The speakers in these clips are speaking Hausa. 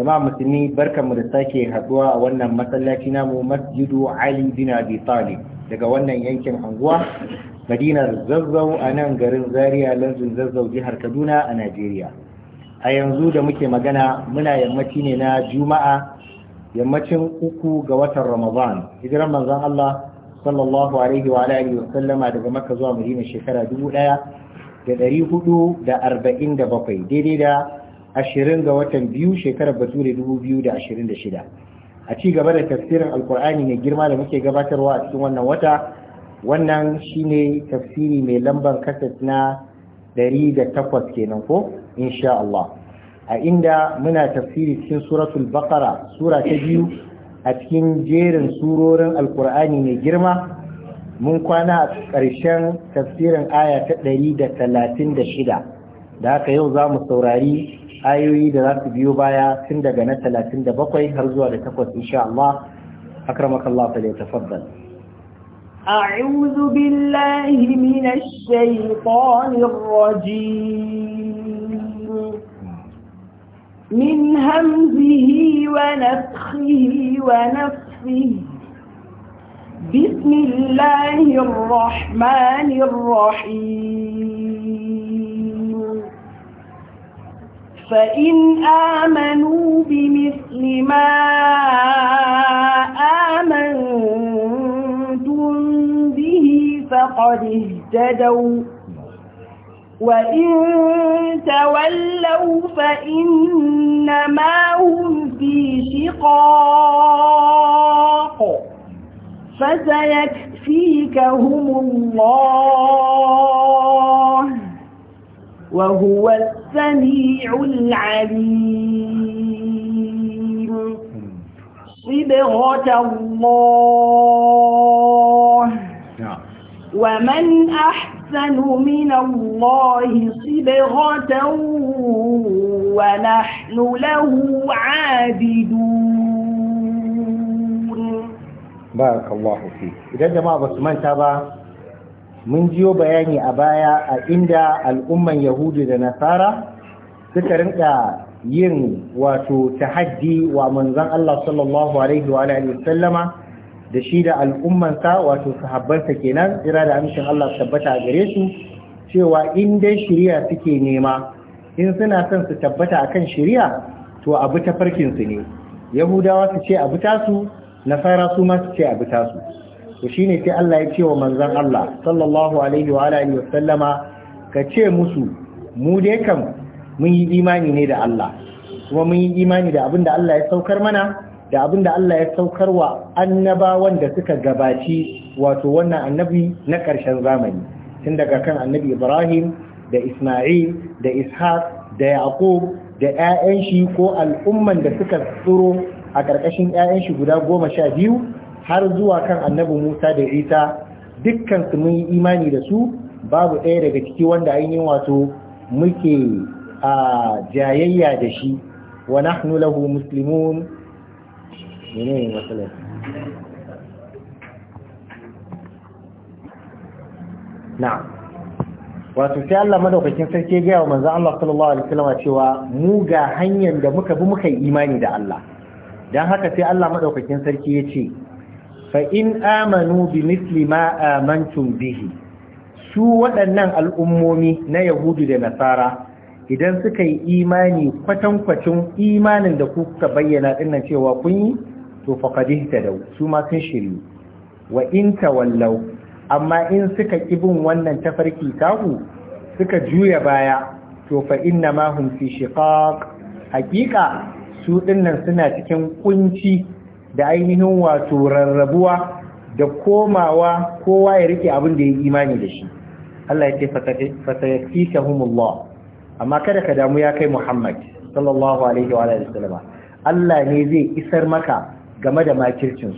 jama'a musulmi barkanmu da sake haduwa a wannan masallaci namu masjidu ali bin abi talib daga wannan yankin anguwa madinar zazzau a nan garin zaria lanzin zazzau jihar kaduna a najeriya a yanzu da muke magana muna yammaci ne na juma'a yammacin uku ga watan ramadan hijiran manzon allah sallallahu alaihi wa alihi wa sallama daga makka zuwa madina shekara dubu ɗaya da ɗari hudu da arba'in da bakwai daidai da ashirin ga watan biyu shekarar bature dubu biyu da ashirin da shida a ci gaba da tafsirin alkur'ani mai girma da muke gabatarwa a cikin wannan wata wannan shine tafsiri mai lambar kaset na ɗari da takwas kenan ko insha Allah a inda muna tafsiri cikin suratul baqara sura ta biyu a cikin jerin surorin alkur'ani mai girma mun kwana a ƙarshen tafsirin aya ta ɗari da talatin da shida da haka yau za mu saurari ayoyi da za su biyo baya tun daga na 37 har zuwa da 8 insha Allah akramaka Allah fa tafaddal a'udhu billahi minash بالله rajim min hamzihi wa nafthihi wa ونفخه بسم الله الرحمن الرحيم فإن آمنوا بمثل ما آمنتم به فقد اهتدوا وإن تولوا فإنما هم في شقاق فسيكفيكهم الله وهو السميع العليم صبغة الله نعم. ومن أحسن من الله صبغة ونحن له عابدون بارك الله فيك إذا جماعة بس من تبع mun jiyo bayani a baya a inda al'umman yahudu da nasara suka rinka yin wato tahaddi wa manzon Allah sallallahu alaihi wa alihi sallama da shi da al'ummansa wato sahabbansa kenan tsira da amincin Allah tabbata a gare su cewa in dai shiriya suke nema in suna son su tabbata akan shiriya to abu ta farkin su ne yahudawa su ce abu tasu nasara su ma su ce abu tasu to shine sai Allah ya ce wa manzon Allah sallallahu alaihi wa alihi wa sallama ka ce musu mu dai kam mun yi imani ne da Allah kuma mun yi imani da abinda Allah ya saukar mana da abinda Allah ya saukar wa annabawan da suka gabaci wato wannan annabi na karshen zamani tun daga kan annabi Ibrahim da Ismail da Ishaq da Yaqub da ƴaƴan shi ko al'umman da suka tsuro a ƙarƙashin ƴaƴan shi guda goma sha biyu har zuwa kan annabi Musa da Isa dukkan su mun yi imani da su babu ɗaya daga ciki wanda ainihin wato muke a jayayya da shi wa nahnu lahu muslimun ne na wato sai Allah madaukakin sarki ya gaya wa manzo Allah sallallahu alaihi wasallam cewa mu ga hanyar da muka bi muka yi imani da Allah dan haka sai Allah madaukakin sarki ya ce fa in amanu bi misli ma amantum bihi su waɗannan al'ummomi na yahudu da nasara idan suka yi imani kwatankwacin imanin da kuka bayyana ɗinnan cewa kun yi to faqadih tadaw su ma sun shiryu wa in tawallaw amma in suka bin wannan tafarki taku suka juya baya to fa inna ma hum fi shiqaq su ɗinnan suna cikin kunci da ainihin wato rarrabuwa da komawa kowa ya rike abin da ya imani da shi Allah ya ce fasayakikahumullah amma kada ka damu ya kai Muhammad sallallahu alaihi wa alihi Allah ne zai isar maka game da makircin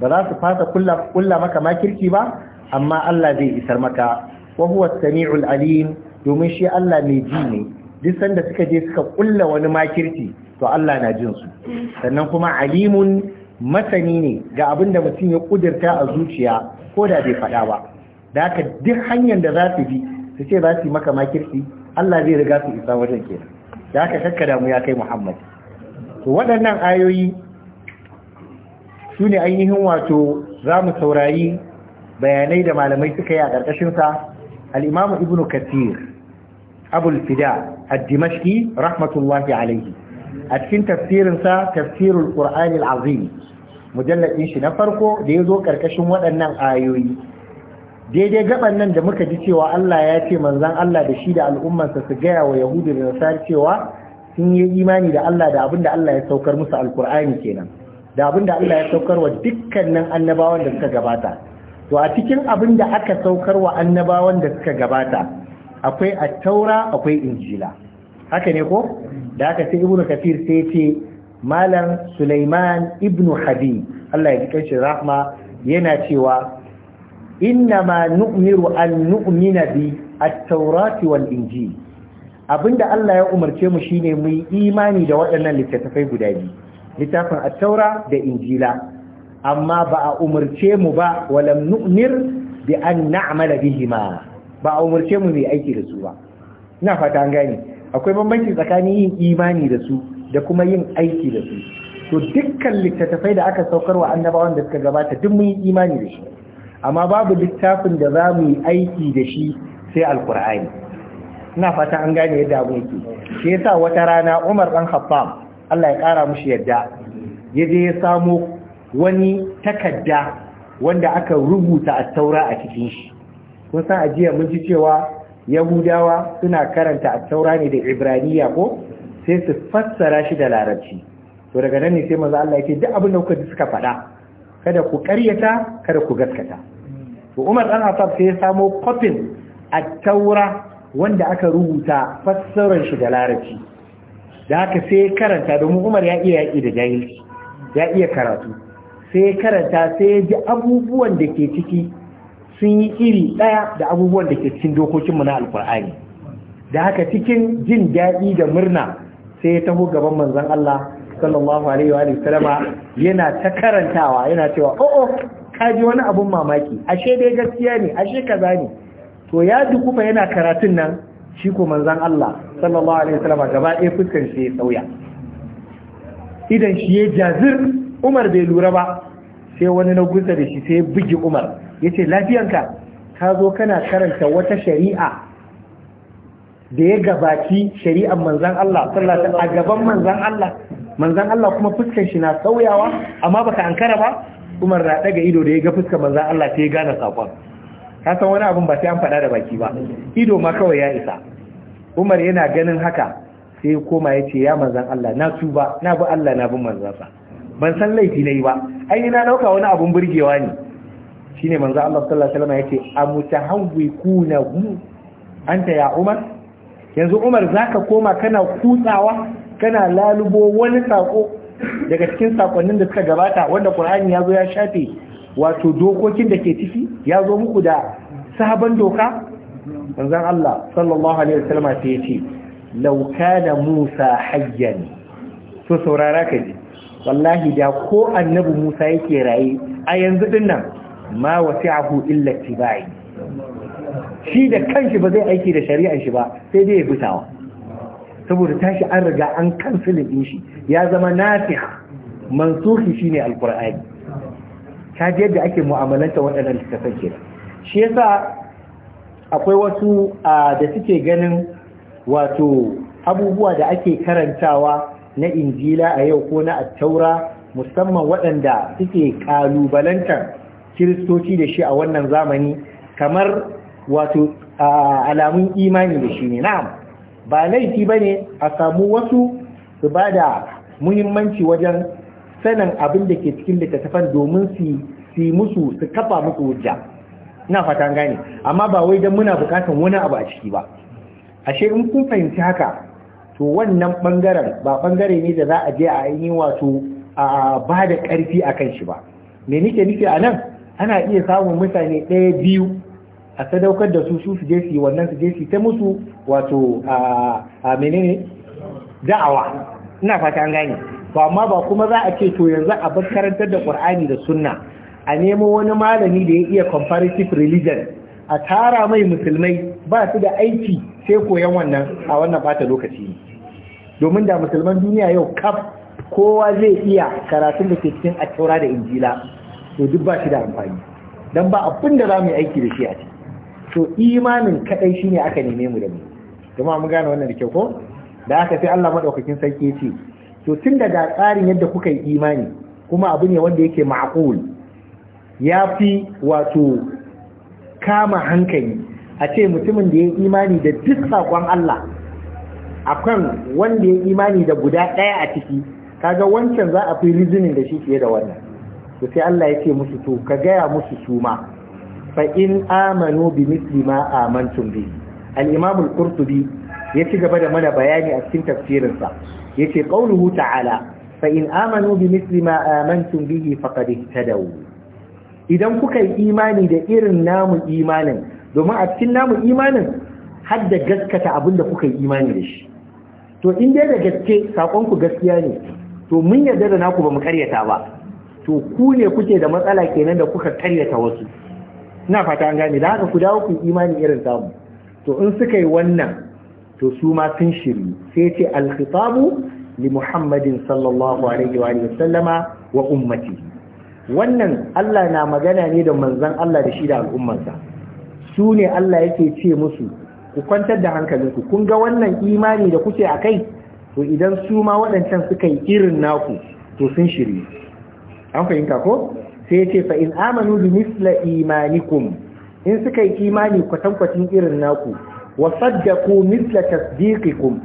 ba za su fasa kulla maka makirci ba amma Allah zai isar maka wa huwa samiul alim domin shi Allah mai ji ne duk sanda suka je suka kulla wani makirci to Allah na jin su sannan kuma alimun masani ne ga abin da mutum ya kudirta a zuciya ko da bai faɗa ba da haka duk hanyar da za su bi su ce za su yi maka makirci Allah zai riga su isa wajen kenan da haka kakka damu ya kai Muhammad to waɗannan ayoyi su ne ainihin wato za mu saurari bayanai da malamai suka yi a ƙarƙashinsa al'imamu ibn kathir abul fida ad-dimashqi rahmatullahi alaihi a cikin tafsirinsa tafsirul qur'anil azim mujalladin shi na farko da ya zo karkashin waɗannan ayoyi daidai gaban nan da muka ji cewa Allah ya ce manzon Allah da shi da al'ummarsa su gaya wa yahudu da nasar cewa sun yi imani da Allah da abinda Allah ya saukar musu alkur'ani kenan da abinda Allah ya saukar wa dukkanin annabawan da suka gabata to a cikin abinda aka saukar wa annabawan da suka gabata akwai taura akwai injila haka ne ko da aka ce ibnu kafir sai ce malam sulaiman ibnu hadi Allah ya ji shi rahma yana cewa inna ma nu'miru an nu'mina bi at-taurati wal injil abinda Allah ya umarce mu shine mu yi imani da waɗannan littattafai guda biyu littafin at-taura da injila amma ba a umarce mu ba walam nu'mir bi an na'mala bihima ba a umarce mu mu yi aiki da su ba ina fata an gane akwai bambanci tsakanin yin imani da su da kuma yin aiki da su to dukkan littattafai da aka saukar wa annabawan da suka gabata duk mun yi imani da shi amma babu littafin da za mu yi aiki da shi sai alkur'ani ina fata an gane yadda abu yake shi yasa wata rana Umar dan Khattab Allah ya kara mushi yadda ya je ya samo wani takadda wanda aka rubuta a taura a cikin shi kun san ajiya mun ji cewa yahudawa suna karanta a taura ne da ibraniya ko sai su fassara shi da larabci to daga nan ne sai maza Allah yake duk abin da kuka ji suka faɗa kada ku ƙaryata kada ku gaskata to Umar dan Affan sai ya samo kofin a taura wanda aka rubuta fassarar shi da larabci da haka sai ya karanta domin Umar ya iya yaƙi da jahilci ya iya karatu sai ya karanta sai ya ji abubuwan da ke ciki sun yi iri ɗaya da abubuwan da ke cikin dokokinmu na alkur'ani da haka cikin jin daɗi da murna sai ya taho gaban manzon Allah sallallahu alaihi wa sallama yana ta karantawa yana cewa o'o oh, oh, kaji wani abun mamaki ashe dai gaskiya ne ashe kaza ne to ya dukufa yana karatun nan shi ko manzon Allah sallallahu alaihi wa sallama gaba ɗaya fuskar shi ya sauya idan shi ya jazir Umar bai lura ba sai wani na gusa da shi sai ya bugi Umar Ya ce lafiyanka ka zo kana karanta wata shari'a da ya gabaci shari'ar manzan Allah Sallata a gaban manzan Allah manzan Allah kuma fuskan shi na sauyawa amma baka ankara ba Umar na daga ido da ya ga fuskan manzan Allah ta ya gane sakon ka san wani abin ba sai an faɗa da baki ba ido ma kawai ya isa Umar yana ganin haka sai ya koma ya ce ya manzan Allah na tuba na bi Allah na bi manzansa ban san laifi yi ba ai na dauka wani abin burgewa ne shine manzo Allah sallallahu alaihi wasallam yake amutahawwikuna hum anta ya Umar yanzu Umar zaka koma kana kutsawa kana lalubo wani sako daga cikin sakonnin da suka gabata wanda Qur'ani yazo ya shafe wato dokokin da ke ciki ya zo muku da sabon doka manzo Allah sallallahu alaihi wasallam ya ce law kana Musa hayyan to saurara ka ji wallahi da ko annabi Musa yake raye a yanzu dinnan. ma wasi'ahu illa tibai shi da kanshi ba zai aiki da shari'ar shi ba sai dai ya fitawa saboda tashi an riga an kansilin din shi ya zama nasikh mansukhi shine alqur'ani ta ji yadda ake mu'amalanta waɗannan littattafan kenan shi yasa akwai wasu da suke ganin wato abubuwa da ake karantawa na injila a yau ko na attaura musamman waɗanda suke kalubalantar kiristoci da shi a wannan zamani kamar wato alamun imani da shi ne na'am ba laifi ba ne a samu wasu su ba da muhimmanci wajen sanin abin da ke cikin littattafan domin su yi musu su kafa musu hujja na fatan gane amma ba wai don muna bukatan wani abu a ciki ba ashe in kun fahimci haka to wannan bangaren ba bangare ne da za a je a yi wato a ba da ƙarfi a kan shi ba me nike nufi a nan ana iya samun mutane ɗaya biyu a sadaukar da su su su je su yi wannan su je su ta musu wato a menene da'awa ina fata an gane to amma ba kuma za a ce to yanzu a bar karantar da Qur'ani da Sunna a nemo wani malami da ya iya comparative religion a tara mai musulmai ba su da aiki sai koyan wannan a wannan bata lokaci ne domin da musulman duniya yau kaf kowa zai iya karatun da ke cikin attaura da injila to duk ba shi da amfani don ba abin da za mu yi aiki da shi a ce to imanin kadai shine aka neme mu da mu kuma mu gane wannan da kyau ko da aka sai Allah madaukakin sarki ce to tun daga tsarin yadda kuka yi imani kuma abu ne wanda yake ma'qul ya fi wato kama hankali a ce mutumin da ya yi imani da duk sakon Allah akan wanda ya imani da guda ɗaya a ciki kaga wancan za a fi rizinin da shi fiye da wannan to sai Allah yake musu to ka gaya musu su ma fa in amanu bi misli ma amantum bi al-imam al-qurtubi ya ci gaba da mana bayani a cikin tafsirin sa yace qauluhu ta'ala fa in amanu bi misli ma amantum bihi faqad ihtadaw idan kuka yi imani da irin namu imanin domin a cikin namu imanin har da gaskata abin da kuka yi imani da shi to in dai da gaske sakon ku gaskiya ne to mun yarda da naku ba mu karyata ba to ku ne kuke da matsala kenan da kuka karyata wasu ina fata an gane da haka ku dawo ku imani irin samu to in suka yi wannan to su ma sun shiri sai ce alkhitabu li muhammadin sallallahu alaihi wa sallama wa ummati wannan Allah na magana ne da manzon Allah da shi da al'ummarsa su ne Allah yake ce musu ku kwantar da hankalinku kun ga wannan imani da kuke kai? to idan su ma waɗancan suka yi irin naku to sun shiri an fahimta ko sai ce fa in amanu bi misla imanikum in suka yi imani kwatankwacin irin naku wa saddaqu misla tasdiqikum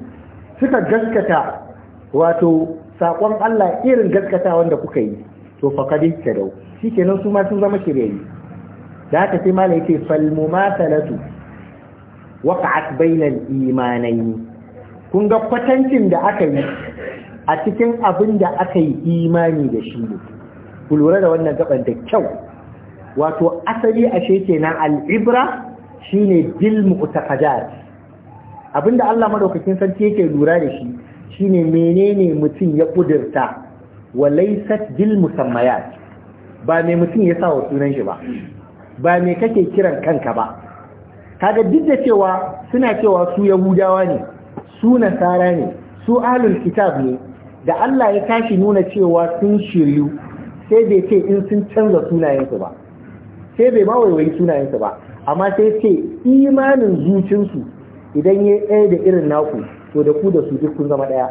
suka gaskata wato sakon Allah irin gaskata wanda kuka yi to fa faqad tadaw shikenan su ma sun zama shiryayi da haka sai malai yace fal mumathalatu waqa'at bainal imanayn kun ga kwatancin da aka yi a cikin abin da aka yi imani da shi ne ku lura da wannan gaban da kyau wato asali a sheke na al'ibra shine bil mu'taqadat abinda Allah madaukakin sarki yake lura da shi shine menene mutum ya ƙudurta wa laisat bil musammayat ba mai mutum ya sa wa sunan shi ba ba mai kake kiran kanka ba kaga duk da cewa suna cewa su yahudawa ne su nasara ne su ahlul kitab ne da Allah ya tashi nuna cewa sun shiryu sai bai ce in sun canza sunayensu ba sai bai ma waiwayi sunayensu ba amma sai ce imanin zuciyarsu idan ya ɗaya da irin naku to da ku da su duk kun zama ɗaya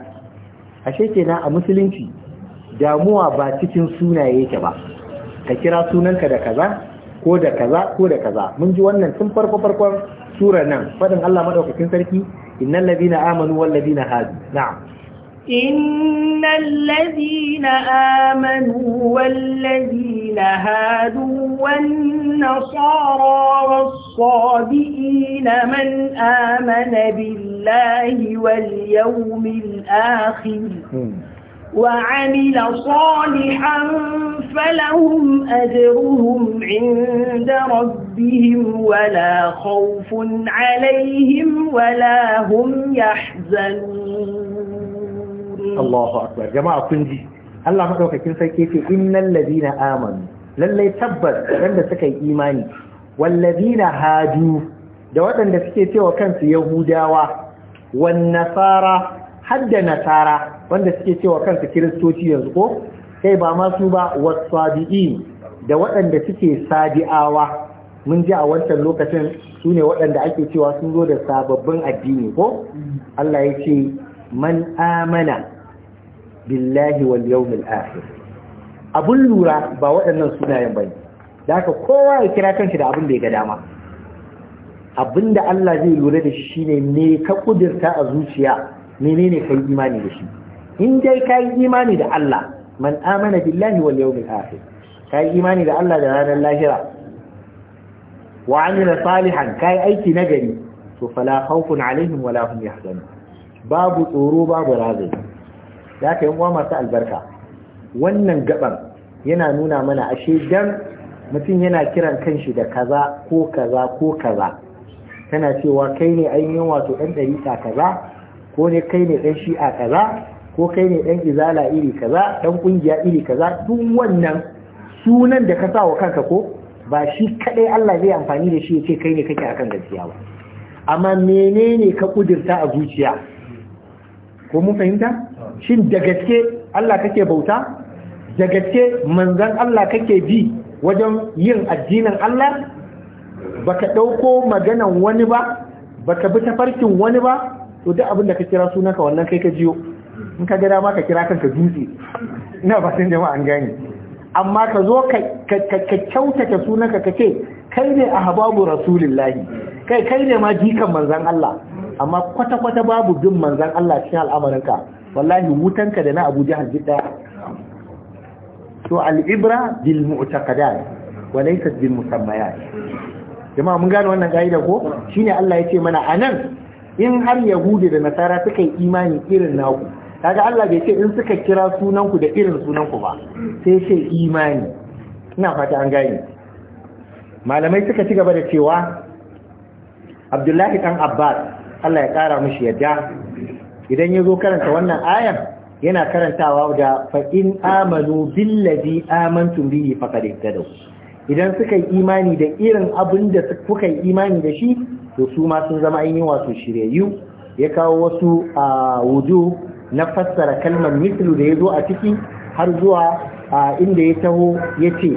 ashe kenan a musulunci damuwa ba cikin sunaye yake ba ka kira sunanka da kaza ko da kaza ko da kaza mun ji wannan tun farko farkon surar nan fadin Allah madaukakin sarki innal ladina amanu wal ladina hadu na'am إن الذين آمنوا والذين هادوا والنصارى والصابئين من آمن بالله واليوم الآخر وعمل صالحا فلهم أجرهم عند ربهم ولا خوف عليهم ولا هم يحزنون Allahu akbar jama'a kun ji Allah madaukakin sarki ce innal ladina amanu lallai tabbas wanda suka yi imani na hadu da waɗanda suke cewa kansu yahudawa wan nasara hadda nasara wanda suke cewa kansu kiristoci yanzu ko kai ba ma su ba wasabi'in da waɗanda suke sadi'awa mun ji a wancan lokacin su ne waɗanda ake cewa sun zo da sababbin addini ko Allah ya ce man amana billahi wal yawmil akhir abun lura ba waɗannan sunayen bane da haka kowa ya kira kanshi da abin da ya ga dama Abinda Allah zai lura da shi shine me ka kudirta a zuciya menene ka yi imani da shi in dai ka yi imani da Allah man amana billahi wal yawmil akhir ka yi imani da Allah da ranar lahira wa amila salihan ka yi aiki nagari to fala khawfun alaihim wala hum yahzanun babu tsoro babu razani da aka yi uwa masu albarka wannan gaban yana nuna mana ashe dan mutum yana kiran kanshi da kaza ko kaza ko kaza tana cewa kai ne ainihin wato ɗan ɗarika kaza ko ne kai ne ɗan shi'a kaza ko kai ne ɗan izala iri kaza ɗan ƙungiya iri kaza Tun wannan sunan da ka sa wa kanka ko ba shi kaɗai Allah zai amfani da shi ya ce kai ne kake akan gaskiya ba amma menene ka ƙudurta a zuciya ko mun fahimta shin da gaske Allah kake bauta da gaske manzan Allah kake bi wajen yin addinin Allah baka ɗauko maganan wani ba baka bi tafarkin wani ba to duk abin da ka kira sunanka wannan kai ka jiyo in ka ga ma ka kira kanka dutse ina ba san jama'a an gane amma ka zo ka kyautata sunanka ka ce kai ne ahbabu rasulillahi kai kai ne ma jikan manzan Allah amma kwata-kwata babu bin manzan Allah cikin al'amarinka wallahi wutanka da na abu jihar jita to al'ibra bil mu'taqadat wa laysa bil musammayat jama'a mun gane wannan da ko ne Allah ya ce mana A nan, in har yahudi da nasara suka yi imani irin naku kaga Allah bai ce in suka kira sunanku da irin sunanku ba sai ce imani ina fata an gane malamai suka ci gaba da cewa Abdullahi dan Abbas Allah ya ƙara mishi yadda idan ya zo karanta wannan ayan yana karantawa da fa'in amanu billazi amantun bihi faqad ihtadaw idan suka yi imani da irin abin da kuka yi imani da shi to su ma sun zama ainihin wato shiryayyu ya kawo wasu a wudu na fassara kalmar mislu da ya zo a ciki har zuwa inda ya taho ya ce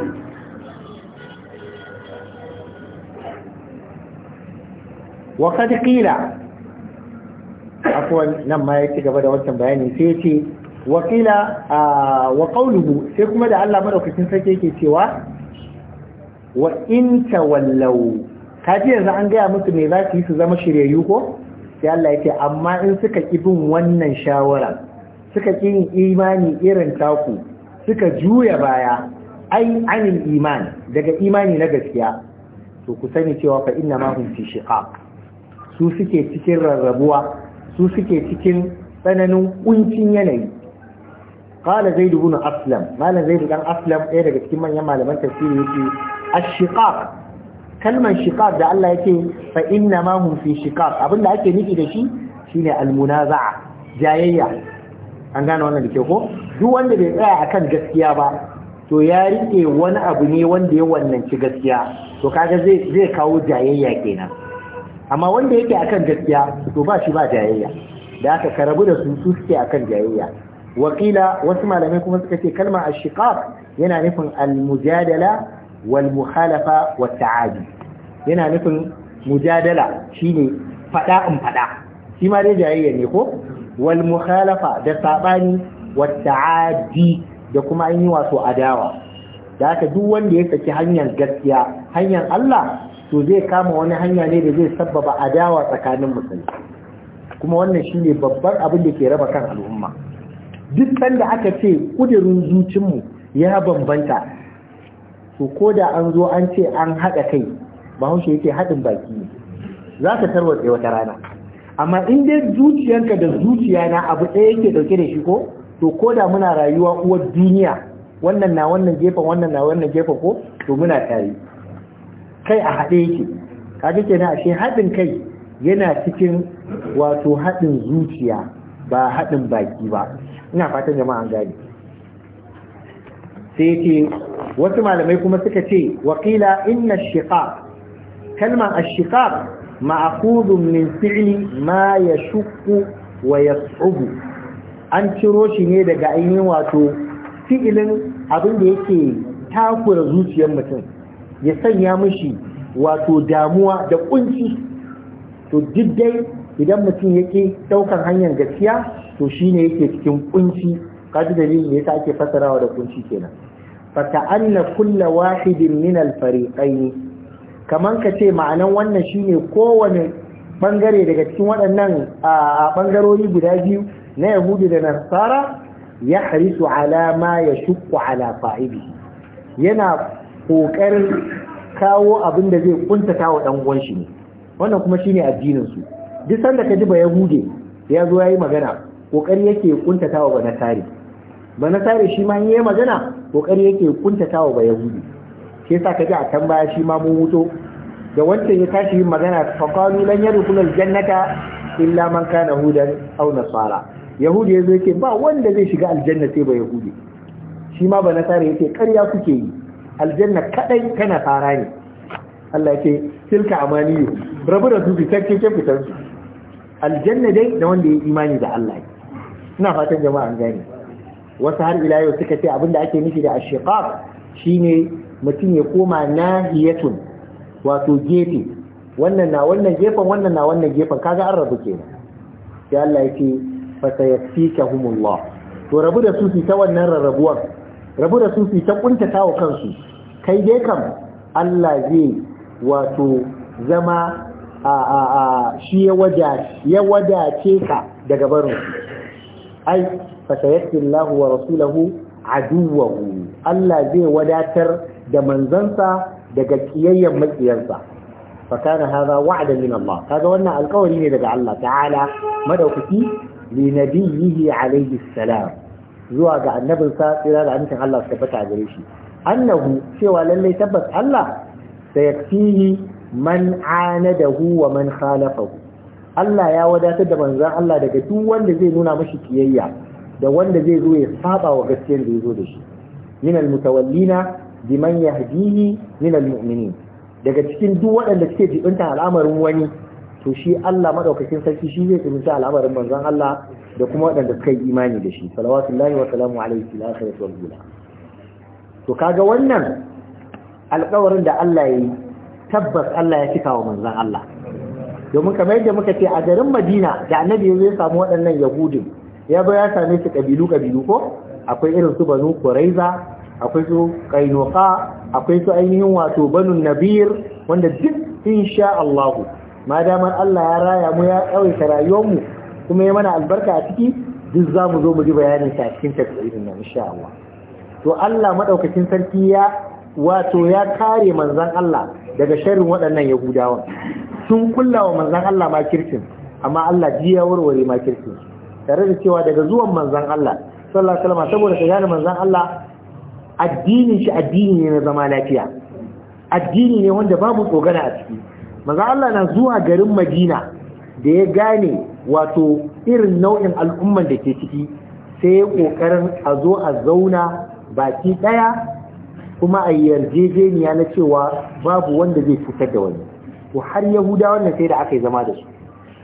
wa qad akwai nan ma ya ci gaba da wancan bayani sai ya ce wakila wa qauluhu sai kuma da Allah maɗaukacin sarki yake cewa wa in Ka ji yanzu an gaya musu me za su yi su zama shiryayyu ko sai Allah ce, amma in suka ki bin wannan shawara suka ki yin imani irin taku suka juya baya ai anil iman daga imani na gaskiya to ku sani cewa fa inna ma hum fi shiqaq su suke cikin rarrabuwa su suke cikin tsananin kuncin yanayi zai dubu ibn aslam malam zaid dan aslam ɗaya daga cikin manyan malaman tasiri yake ashiqaq kalman shiqaq da Allah yake fa inna ma hum fi abin abinda ake nufi da shi shine almunaza'a jayayya an gane wannan da ke ko duk wanda bai tsaya akan gaskiya ba to ya riƙe wani abu ne wanda ya wannanci gaskiya to kaga zai kawo jayayya kenan amma wanda yake akan gaskiya to ba shi ba jayayya da aka karabu da su su suke akan jayayya wakila wasu malamai kuma suka ce kalma ashiqaq yana nufin almujadala mujadala wal mukhalafa wa ta'adi yana nufin mujadala shine fada in fada shi ma dai jayayya ne ko wal da sabani wa ta'adi da kuma an yi wato adawa da haka duk wanda ya saki hanyar gaskiya hanyar Allah to zai kama wani hanya ne da zai sabbaba adawa tsakanin musulmi kuma wannan shi ne babban abin da ke raba kan al'umma duk sanda aka ce kudirin zucinmu ya bambanta to ko da an zo an ce an haɗa kai bahaushe yake haɗin baki ne za ka tarwatse wata rana amma in dai zuciyarka da zuciya na abu ɗaya yake ɗauke da shi ko to ko da muna rayuwa uwar duniya wannan na wannan gefen wannan na wannan gefen ko to muna tare kai a haɗe yake kaji kenan ashe haɗin kai yana cikin wato haɗin zuciya ba haɗin baki ba ina fatan jama'a an gane sai ce wasu malamai kuma suka ce waƙila inna shiqaq kalmar ashiqaq ma'khudun min fi'li ma yashqu wa yas'ubu an ciro shi ne daga ainihin wato fi'ilin abin da yake takura zuciyar mutum ya sanya mishi wato damuwa da kunci to duk idan mutum yake daukan hanyar gaskiya to shine yake cikin kunci kaji da ne yasa ake fasarawa da kunci kenan fata'anna kulla wahidin min al-fariqayn kaman kace ma'anan wannan shine kowane bangare daga cikin waɗannan bangarori guda biyu na yahudu da nasara ya harisu ala ma ya shukku ala fa'ibi yana ƙoƙarin kawo abin da zai kuntata wa ɗan uwan shi ne wannan kuma shine addinin su duk sanda ka ji ba yahude ya zo yayi magana kokari yake kuntata wa banasari tare shi ma yayi magana kokari yake kuntata wa bayahudi sa ka kaji a kan baya shi ma mun wuto da wancan ya tashi yin magana fa qalu lan yadkhul aljannata illa man kana hudan aw nasara yahudi yazo yake ba wanda zai shiga aljanna sai ba yahudi shi ma tare yake ƙarya kuke yi aljanna kadai kana fara ne Allah ce tilka amaniyu rabu da su fitacce ke fitar su aljanna dai da wanda ya imani da Allah ina fatan jama'a an gane wasu har ila yau suka ce abinda ake nufi da ashiqaq shine mutum ya koma nahiyatun wato gefe wannan na wannan gefen wannan na wannan gefen kaga an rabu kenan sai Allah ya ce fa sayakfikahumullah to rabu da su ta wannan rarrabuwar rabu da sufi ta kuntata wa kansu kai dai kam Allah zai wato zama a a a shi ya wadace ka daga barin ai fasayatti Allah wa rasulahu aduwahu Allah zai wadatar da manzansa daga kiyayyen makiyarsa fakana hadha wa'dan min Allah kaga wannan alƙawari ne daga Allah ta'ala madaukaki li nabiyhi alayhi salam zuwa ga annabinsa tsira da amincin Allah su tabbata a gare shi annahu cewa lallai tabbas Allah sayakfihi man anadahu wa man khalafahu Allah ya wadatar da manzon Allah daga duk wanda zai nuna mashi kiyayya da wanda zai zo ya saba wa gaskiyar da ya zo da shi min almutawallina biman yahdihi min almu'minin daga cikin duk waɗanda suke jibinta al'amarin wani to shi Allah madaukakin sarki shi zai tsinci al'amarin manzon Allah da kuma waɗanda suka yi imani da shi salawatullahi wa salamu alaihi fil akhirati wal to kaga wannan alƙawarin da Allah ya yi tabbas Allah ya cika wa manzon Allah domin kamar yadda muka ce a garin Madina da Annabi ya samu waɗannan Yahudin ya ba ya same su kabilu kabilu ko akwai irin su Banu Quraiza akwai su Qainuqa akwai su ainihin wato Banu Nabir wanda duk insha Allah ma damar Allah ya raya mu ya tsawaita rayuwar mu kuma ya mana albarka a ciki duk za mu zo mu ji bayanin sa a cikin tafsirin nan insha Allah to Allah madaukakin sarki ya wato ya kare manzon Allah daga sharrin waɗannan Yahudawan sun kullawa manzon Allah ma kirkin amma Allah ji ya warware ma kirkin tare da cewa daga zuwan manzon Allah sallallahu alaihi wasallam saboda ka gane manzan Allah addinin shi addini ne na zama lafiya addini ne wanda babu tsogana a ciki manzo Allah na zuwa garin Madina da ya gane wato irin nau'in al'umman da ke ciki sai ya kokarin a zo a zauna baki daya kuma a yarjejeniya na cewa babu wanda zai fitar da wani to har yahuda wannan sai da aka yi zama da su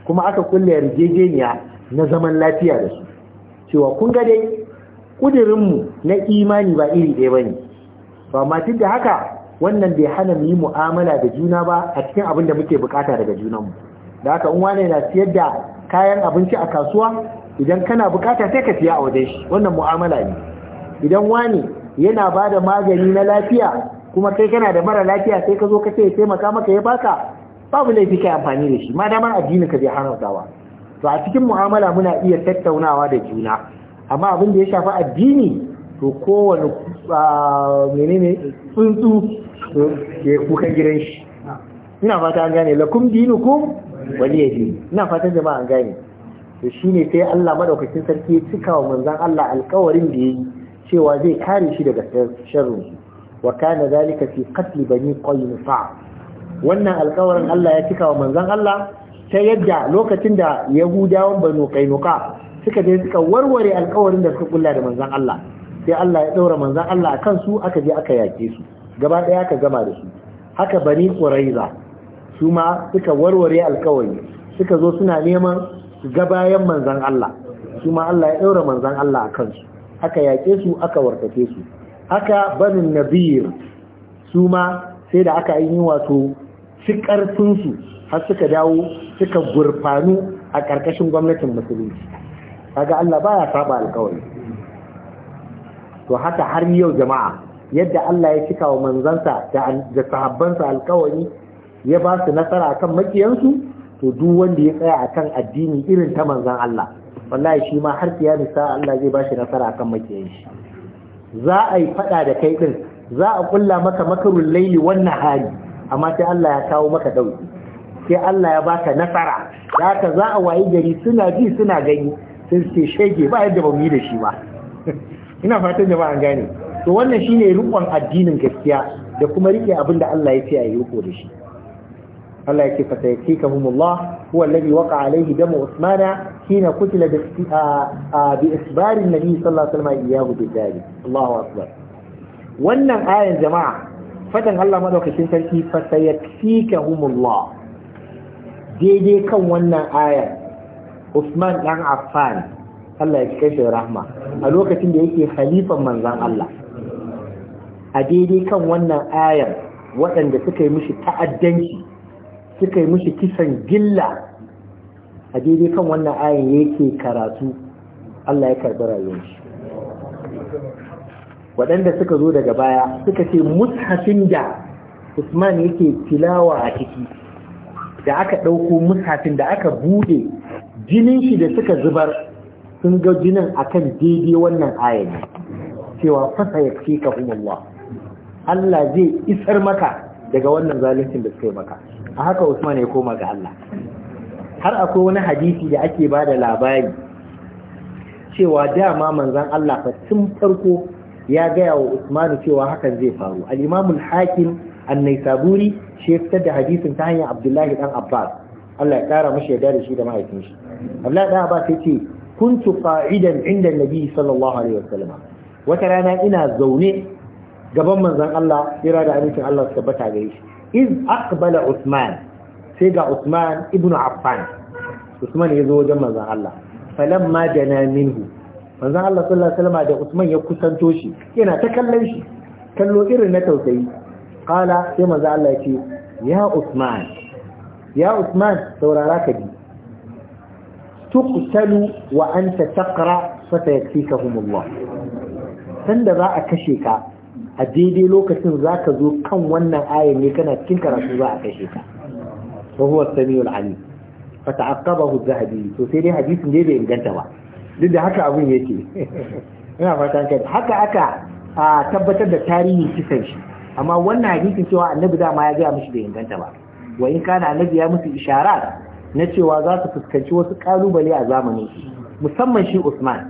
kuma aka kulle yarjejeniya na zaman lafiya da su cewa kun ga dai kudirinmu na imani ba iri ɗaya ba ne. ba ma da haka wannan bai hana mu yi mu'amala da juna ba a cikin abin da muke bukata daga junanmu da haka in wane na siyar da kayan abinci a kasuwa idan kana bukata sai ka siya a wajen shi wannan mu'amala ne idan wani yana ba da magani na lafiya kuma kai kana da mara lafiya sai ka zo ka ce ya taimaka maka ya baka babu laifi kai amfani da shi ma addini ka bai haramtawa to a cikin mu'amala muna iya tattaunawa da juna amma abin da ya shafi addini to kowane menene tsuntsu ke kuka gidan shi ina fata an gane lakum dinukum dini ina fatan jama'a an gane to ne sai Allah madaukakin sarki ya cika wa manzan Allah alkawarin da yi cewa zai kare shi daga sharrin wa kana zalika fi qatl bani qaynfa wannan alkawarin Allah ya cika wa manzan Allah ta yadda lokacin da yahudawan banu qaynuka suka je suka warware alƙawarin da suka kulla da manzan Allah sai Allah ya ɗaura manzan Allah a kansu aka je aka yake su gaba ɗaya aka gama da su haka bani ƙuraiza su ma suka warware alkawari suka zo suna neman su bayan manzan Allah su ma Allah ya ɗaura manzan Allah a kansu aka yake su aka warkake su haka banin nabir su ma sai da aka yi wato cikar ƙarfinsu har suka dawo suka gurfanu a ƙarƙashin gwamnatin musulunci kaga Allah baya saba alkawari to haka har yau jama'a yadda Allah ya cika wa manzansa da sahabbansa alkawari ya ba su nasara akan makiyansu to duk wanda ya tsaya akan addini irin ta manzan Allah wallahi shi ma har kiyami sa Allah zai ba shi nasara akan makiyan za a yi fada da kai din za a kulla maka makarun laili wannan hali amma sai Allah ya kawo maka dauki sai Allah ya baka nasara da haka za a wayi gari suna ji suna gani sai su ce shege ba yadda ba mu yi da shi ba ina fatan jama'a an gane to wannan shine rikon addinin gaskiya da kuma rike abin da Allah ya ce a yi riko da shi Allah ya ce fa sayyikahumullah huwa alladhi waqa alayhi damu usmana hina kutila bi isbari nabi sallallahu alaihi wasallam iyahu bi dalik Allahu akbar wannan ayan jama'a fadan Allah madaukakin sarki ka sayyikahumullah daidai kan wannan ayan Usman dan Affan Allah ya kai shi rahma a lokacin da yake halifan manzan Allah a daidai kan wannan ayar waɗanda suka yi mishi ta'addanci suka yi mishi kisan gilla a daidai kan wannan ayar yake karatu Allah ya karɓi rayuwar waɗanda suka zo daga baya suka ce mushafin da Usman yake tilawa a ciki da aka ɗauko mushafin da aka bude jinin shi da suka zubar sun ga jinin kan daidai wannan ayyana cewa fasa ya ce ka wa. Allah zai isar maka daga wannan zaluncin da suka yi maka a haka Usman ya koma ga Allah har akwai wani hadisi da ake ba da labari cewa dama manzan Allah fa tun farko ya gaya wa Usmanu cewa hakan zai faru al Hakim an saburi shi ya fitar da hadisin ta hanyar Abdullahi dan Abbas Allah ya ƙara mashi ya da shi da mahaifin shi Abdullahi dan Abbas ce. kuntu fa'idan inda nabi sallallahu alaihi wasallam wata rana ina zaune gaban manzon Allah kira da abincin Allah su tabbata gare shi iz aqbala Usman sai ga Usman ibnu Affan Usman ya zo wajen manzon Allah falamma jana minhu manzon Allah sallallahu alaihi wasallam da Usman ya kusanto shi yana ta kallon shi kallo irin na tausayi qala sai manzon Allah ya ce ya Usman ya Usman saurara ka bi tuqtalu wa anta taqra fa sayakfikahumullah sanda za kashe ka a daidai lokacin za ka zo kan wannan ayan ne kana cikin karatu za a kashe ka wa huwa samiul alim fa ta'aqqabahu az-zahabi dai hadisin dai bai inganta ba duk da haka abun yake ina fatan kai haka aka tabbatar da tarihin kisan shi amma wannan hadisin cewa annabi dama ya ga mishi bai inganta ba wa in annabi ya musu ishara. na cewa za su fuskanci wasu kalubale a zamanin musamman shi Usman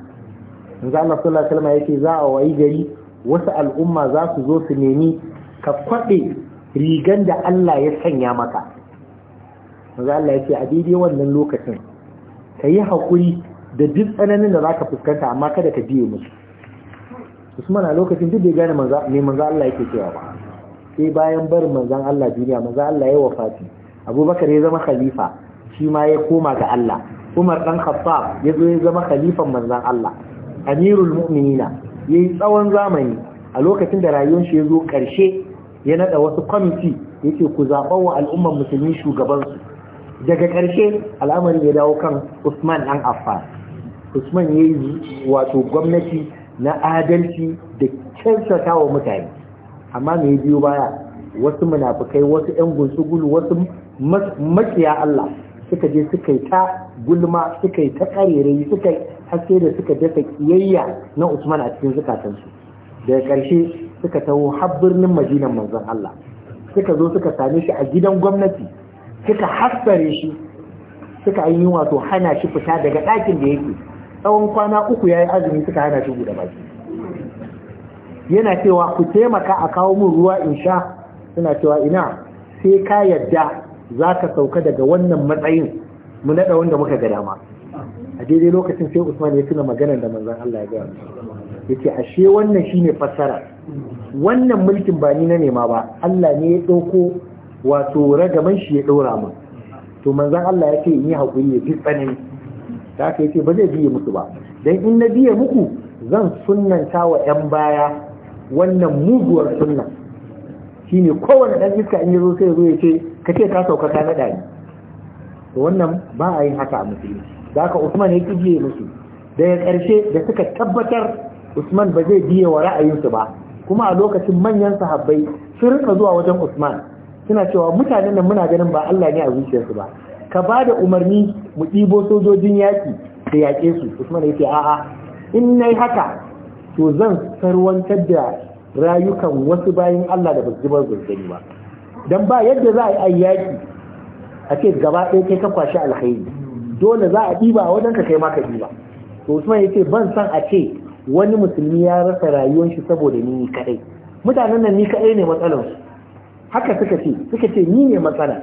manzo Allah sallallahu alaihi wasallam yake za a wayi gari wasu al'umma za su zo su nemi ka kwaɗe rigan da Allah ya sanya maka manzo Allah yake a daidai wannan lokacin ka yi haƙuri da duk tsananin da za ka fuskanta amma kada ka biye musu Usman a lokacin duk bai gane me manzo Allah yake cewa ba sai bayan barin manzon Allah duniya manzo Allah ya wafati Abubakar ya zama khalifa shi ma ya koma ga Allah Umar dan Khattab ya zo ya zama khalifan manzon Allah Amirul Mu'minina yayi tsawon zamani a lokacin da rayuwar shi ya zo karshe ya nada wasu kwamiti yake ku zaɓa wa al'ummar musulmi shugaban su daga karshe al'amarin ya dawo kan Usman dan Affan Usman yayi wato gwamnati na adalci da kyautata wa mutane amma me biyo baya wasu munafukai wasu 'yan gunsugulu wasu makiya Allah suka je suka yi ta gulma suka yi ta karerai suka haske da suka dafa kiyayya na Usman a cikin zukatansu daga ƙarshe suka taho har birnin madinan manzon Allah suka zo suka same shi a gidan gwamnati suka hassare shi suka yi wato hana shi fita daga ɗakin da yake tsawon kwana uku yayi azumi suka hana shi buɗe baki yana cewa ku taimaka a kawo min ruwa in sha suna cewa ina sai ka yadda za ka sauka daga wannan matsayin mu naɗa wanda muka ga dama a daidai lokacin sai usman ya tuna maganar da manzan Allah ya gaya ya ce ashe wannan shine fassara wannan mulkin ba ni na nema ba Allah ne ya ɗauko wato ragaman shi ya ɗora mu to manzan Allah ya ce ni haƙuri ya fi tsanani da aka yace ba zai biye musu ba dan in na biye muku zan sunnanta wa ƴan baya wannan muguwar sunna shine kowane dan iska in yazo sai zo ya ce ka ce ka sauka ka naɗa ni wannan ba a yin haka a musulmi da haka usman ya kije musu daga ƙarshe da suka tabbatar usman ba zai biye wa ra'ayinsu ba kuma a lokacin manyan sahabbai su rika zuwa wajen usman suna cewa mutanen nan muna ganin ba Allah ne a zuciyarsu ba ka ba da umarni mu ɗibo sojojin yaƙi da yaƙe su usman ya ce a'a in nayi haka to zan sarwantar da rayukan wasu bayan Allah da ba su ji ba ba don ba yadda za a yi a ce gaba ɗaya kai ka kwashi alkhairi dole za a ɗiba a wajen ka kai ma ka ɗiba to usman ya ce ban san a ce wani musulmi ya rasa rayuwar shi saboda ni kaɗai mutanen nan ni kaɗai ne matsalar haka suka ce suka ce ni ne matsala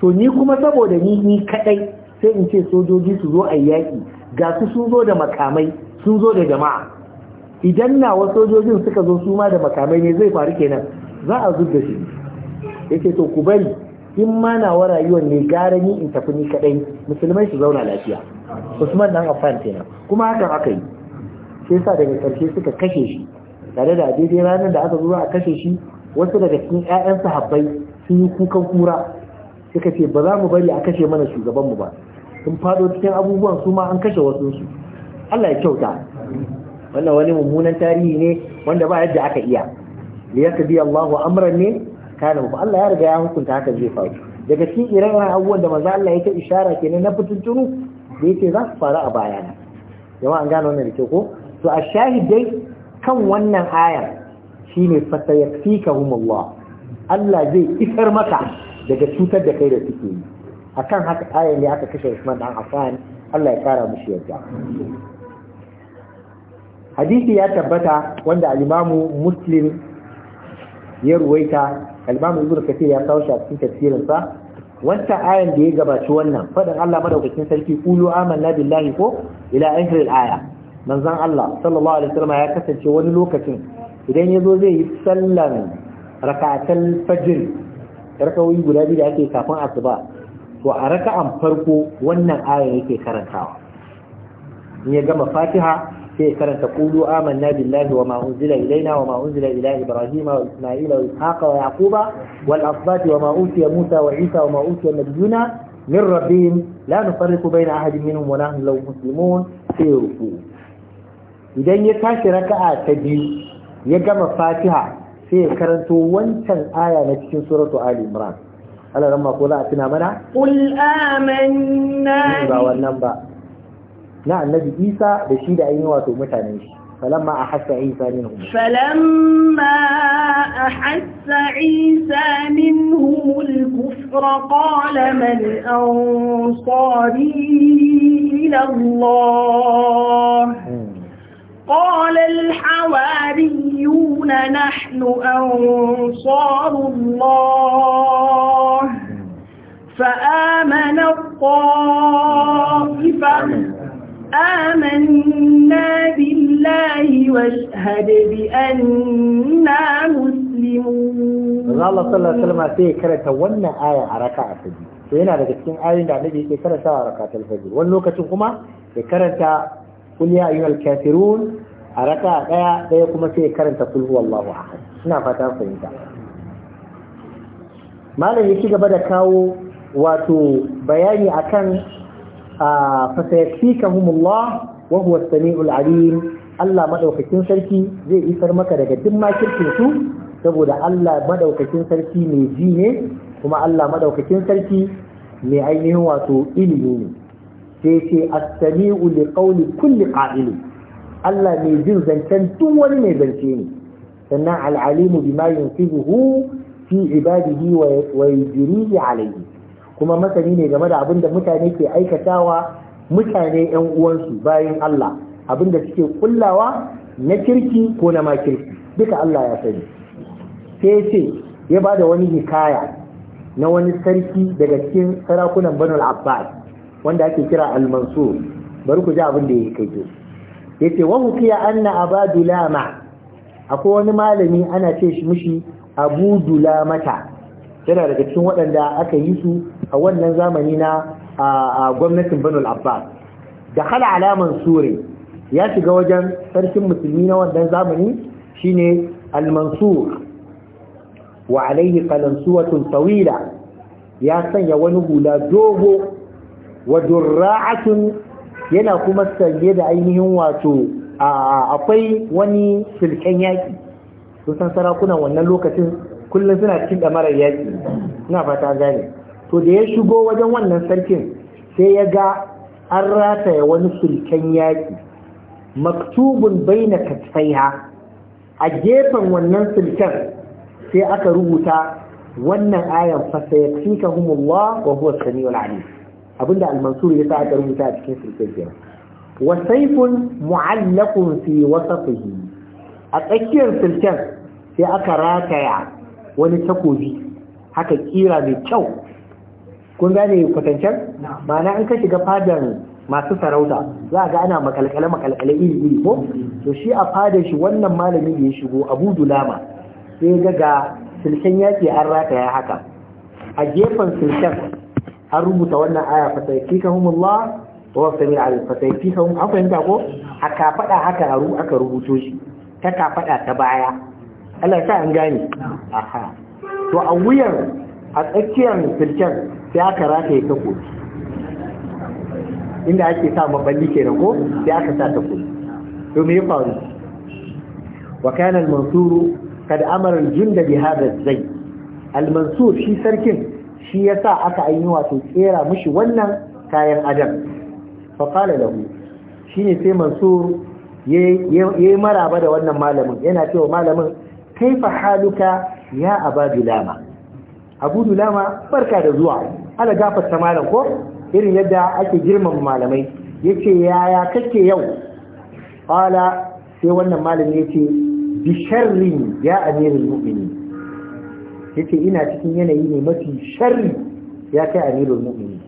to ni kuma saboda ni ni kaɗai sai in ce sojoji su zo a yaƙi ga su sun zo da makamai sun zo da jama'a idan nawa sojojin suka zo su ma da makamai ne zai faru kenan za a zub da shi yake to ku bari in ma nawa rayuwar ne gara ni in tafi ni kaɗai musulmai su zauna lafiya usman dan affan kenan kuma hakan aka yi sai sa daga karshe suka kashe shi tare da daidai ranar da aka zo a kashe shi wasu daga cikin ƴaƴan sahabbai sun yi kukan kura suka ce ba za mu bari a kashe mana shugaban mu ba sun fado cikin abubuwan su ma an kashe wasu su Allah ya kyauta wannan wani mummunan tarihi ne wanda ba yadda aka iya liyakdi Allahu amran ne kana ba Allah ya riga ya hukunta haka zai faru daga cikin irin iren abubuwan da manzo Allah ya ta ishara kenan na fitintunu da yake za su faru a na, jama'a an gane wannan da ke ko to a shahidai kan wannan ayar shine fasayakfikahumullah Allah zai isar maka daga cutar da kai da suke yi akan haka ayar ne aka kashe Usman dan Affan Allah ya kara mushi yarda hadisi ya tabbata wanda al-Imam Muslim ya ruwaita al-imam ibnu kathir ya kawo shi a cikin tafsirin sa wannan ayan da ya gabaci wannan faɗin Allah madaukakin sarki qulu amanna billahi ko ila akhir al-aya manzon Allah sallallahu alaihi wasallam ya kasance wani lokacin idan yazo zai yi sallan rak'atul fajr rakawoyi guda biyu da ake kafin asuba to a raka'an farko wannan ayan yake karantawa in ya gama fatiha sai karanta Kulu, amanna billahi wa ma unzila ilaina wa ma unzila ila ibrahima wa isma'ila wa ishaqa wa yaquba wal asbat wa ma utiya musa wa isa wa ma utiya nabiyuna min rabbihim la nufarriqu baina ahadin minhum wa nahnu lahu muslimun sai ruku idan ya tashi raka'a ta biyu ya gama fatiha sai ya karanto wancan aya na cikin suratu ali imran Allah ran ma ko la atina mana qul amanna ba wannan ba نعم النبي عيسى da shi da ainihin فلما أحس عيسى منهم فلما أحس عيسى منهم الكفر قال من أنصاري إلى الله قال الحواريون نحن أنصار الله فآمن الطالب آمنا بالله واشهد بأننا مسلمون Allah sallallahu alaihi sai ya karanta wannan aya a raka'a ta biyu yana daga cikin ayoyin da Annabi yake karanta a raka'a fajr wani lokacin kuma ya karanta kul ya ayyuhal kafirun a raka'a daya kuma sai ya karanta kul huwallahu ahad ina fata fahimta Malami ya ci gaba da kawo wato bayani akan fasayakfikahumullah wa huwa as-sami'ul alim Allah madaukakin sarki zai isar maka daga duk makircin su saboda Allah madaukakin sarki mai ji ne kuma Allah madaukakin sarki mai ainihin wato ilimi ne sai ce as-sami'u liqawli kulli qa'il Allah mai jin zancen tun wani mai zance ne sannan al-alimu bima yunfihu fi ibadihi wa yajrihi alayhi kuma masani ne game da abin da mutane ke aikatawa mutane yan uwansu bayan Allah abin da suke kullawa na kirki ko na makirki duka Allah ya sani sai ce ya ba da wani hikaya na wani sarki daga cikin sarakunan banul Abbas wanda ake kira Al-Mansur bari ku ji abin da ya kai ce wa hukiya anna abadulama akwai wani malami ana ce shi mishi Abu Dulamata yana daga cikin waɗanda aka yi su a wannan zamani na gwamnatin banu abbas da hala alaman sure ya shiga wajen sarkin musulmi na wannan zamani shine al-mansur wa alaihi qalansuwatun tawila ya sanya wani hula dogo wa durra'atun yana kuma sanye da ainihin wato akwai wani silken yaki sun san sarakunan wannan lokacin kullum suna cikin ɗamarar yaƙi ina fata gane to da ya shigo wajen wannan sarkin sai ya ga an rataya wani sulken yaƙi maktubun baina katfaiha a gefen wannan sulken sai aka rubuta wannan ayan ka humullah wa huwa samiul alim abinda al ya sa aka rubuta a cikin sulken jiya. wa sayfun mu'allaqun fi wasatihi a tsakiyar sulken sai aka rataya wani takobi haka kira mai kyau kun gane kwatancen ma'ana in ka shiga fadar masu sarauta za a ga ana makalkale makalkale iri iri ko to shi a fadar shi wannan malami da ya shigo abu dulama sai ya ga silken yaki an rataya haka a gefen silken an rubuta wannan aya fa sai kika humullah wa sami al fa sai kika hum an fahimta ko a faɗa haka aka rubuto shi ta ka faɗa ta baya Allah ya sa an gane aha to a wuyan a tsakiyar firken sai aka rataye kofi, inda ake sa maballi kenan ko sai aka sa kofi. to me ya faru wa kana al-mansur kad amara al-junda bi hadha al-mansur shi sarkin shi yasa aka ayi wato tsera mishi wannan kayan adam fa qala lahu shine sai mansur yayi maraba da wannan malamin yana cewa malamin kaifa haluka ya abadu Lama. abu dulama barka da zuwa ala gafarta malam ko irin yadda ake girmama malamai yace yaya kake yau qala sai wannan malami yace bi sharri ya amirul mu'minin yace ina cikin yanayi ne mafi sharri ya kai amirul mu'minin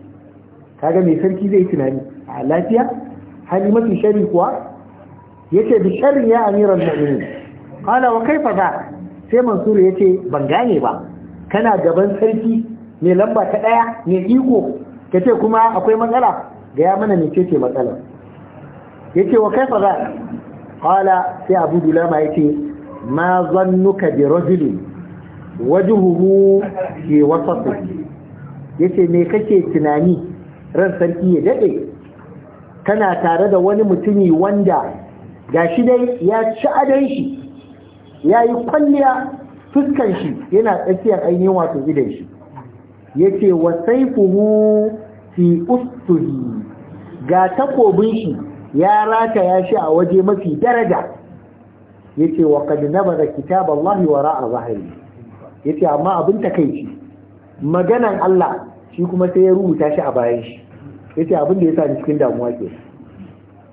kaga mai sarki zai tunani a lafiya hali mafi sharri kuwa yace bi sharri ya amirul mu'minin kala wa kaifa za sai mansur ce ban gane ba kana gaban sarki mai lamba ta ɗaya mai iko Ka ce kuma akwai matsala ga ya mana mai ce matsala ce wa kaifa za kala sai abu dulama yace ma zannuka bi rajulin wajhuhu fi Ya ce me kake tunani ran sarki ya daɗe? kana tare da wani mutumi wanda ga shi dai ya ci adon shi ya yi kwalliya fuskan shi yana tsakiyar ainihin wato idan shi ya ce wa saifuhu fi ustuhi ga takobin shi ya rata ya shi a waje mafi daraja ya ce wa kad nabada kitab Allah wa ra'a zahiri ya ce amma abin takaici maganan Allah shi kuma sai ya rubuta shi a bayan shi ya ce abin da ya sa ni cikin damuwa ke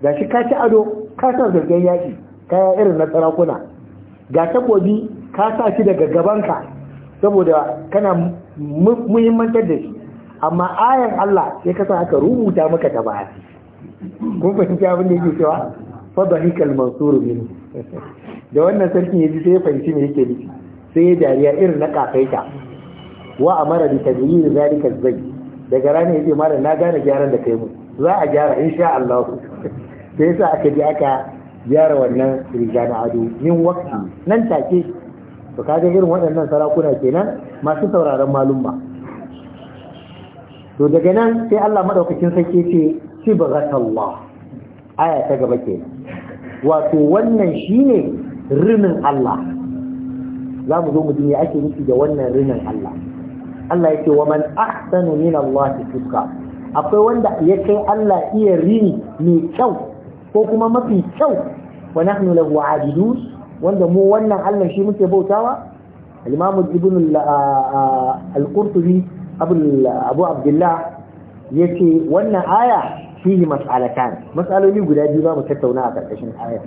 ga shi ka ci ado ka sa zargen yaƙi kaya irin na sarakuna ga takobi ka sa shi daga gabanka saboda kana muhimmantar da shi amma ayan Allah ya kasa aka rubuta maka ta baya kun fahimci abin da yake cewa fa bahikal mansur min da wannan sarkin yaji sai ya fahimci me yake nufi sai ya dariya irin na kafaita wa amara bi tadbir zalika zai daga ranar yaje mara na gane gyaran da kai mu za a gyara insha Allah sai sa aka ji aka gyara wannan riga na ado yin wakti nan take to kaga irin waɗannan sarakuna kenan masu sauraron malumma to daga nan sai Allah madaukakin sarki ce sibghatallah aya ta gaba ke wato wannan shine rinin Allah za mu zo mu ji ake nufi da wannan rinin Allah Allah yake wa man ahsanu min Allah tuka akwai wanda ya kai Allah iya rini mai kyau ko kuma mafi kyau wa nahnu lahu abidun wanda mu wannan Allah shi muke bautawa al-Imam Ibn al-Qurtubi Abu Abdullah yace wannan aya fihi mas'alatan mas'aloli guda biyu ba mu tattauna a karkashin aya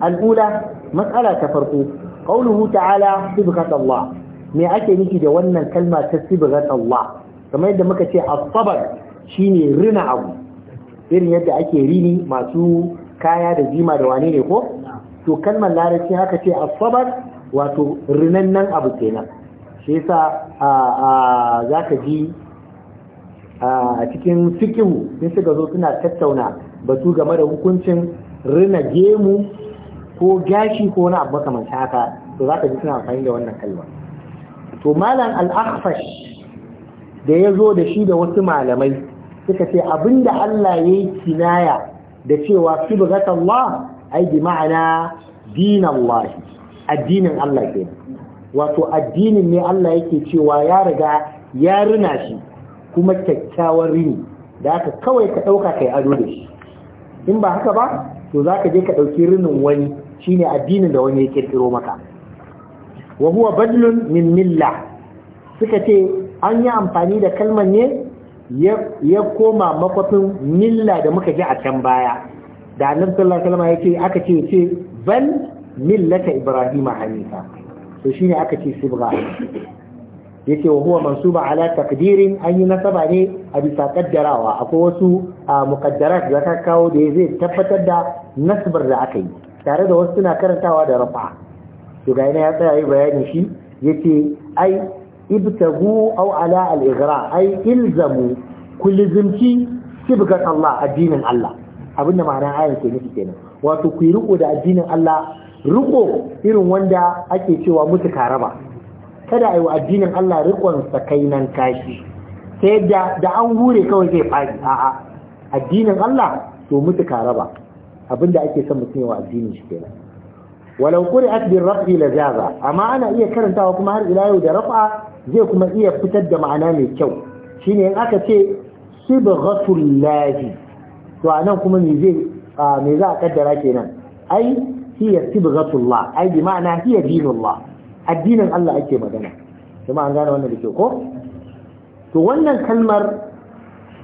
al-ula mas'ala ta farko qawluhu ta'ala sibghat Allah me ake nufi da wannan kalma ta sibghat Allah kamar yadda muka ce as-sabr shine rina abu irin yadda ake rini masu kaya da zima da wane ne ko to kalmar larabci haka ce asabar wato rinannan abu kenan shi yasa a za ka ji a cikin fikihu sun suka zo suna tattauna batu game da hukuncin rina gemu ko gashi ko wani abu kamar haka to za ka ji suna amfani da wannan kalmar. to malam al-akhfash da ya zo da shi da wasu malamai suka ce abinda Allah ya yi kinaya da cewa kibrat Allah ai bi ma'ana din Allah addinin Allah ke. wato addinin ne Allah yake cewa ya riga ya rina shi kuma kyakkyawar rini da aka kawai ka dauka kai ado da shi in ba haka ba to zaka je ka dauki rinin wani shine addinin da wani ya kirkiro maka wa huwa badlun min milla suka ce an yi amfani da kalmar ne ya koma makwafin milla da muka ji a can baya da annabi sallallahu alaihi wasallam yake aka ce ce bal millata ibrahima hanifa to shine aka ce sibra yake wa huwa mansuba ala taqdirin an yi nasaba ne a bisa kaddarawa akwai wasu muqaddarat da ka kawo da ya zai tabbatar da nasbar da aka yi tare da wasu suna karantawa da rafa to ga ya tsaya yi bayani shi yace ai ibtagu aw ala al-ighra ay ilzamu kullizimci sibgat Allah addinin Allah abinda ma'ana ayar ke nufi kenan wato ku riko da addinin Allah riko irin wanda ake cewa mutu karaba kada ayi wa addinin Allah rikon sakainan kashi sai da an hure kawai zai fadi a'a addinin Allah to mutu karaba abinda ake son mutum yawa addinin shi kenan walau qur'at bir raf'i la jaza amma ana iya karantawa kuma har ila yau da raf'a zai kuma iya fitar da ma'ana mai kyau shine in aka ce sibghatul lahi to anan kuma me zai me za a kaddara kenan ai hiya sibghatullah ai bi ma'ana hiya dinullah addinin Allah ake magana kuma an gane wannan da ke ko to wannan kalmar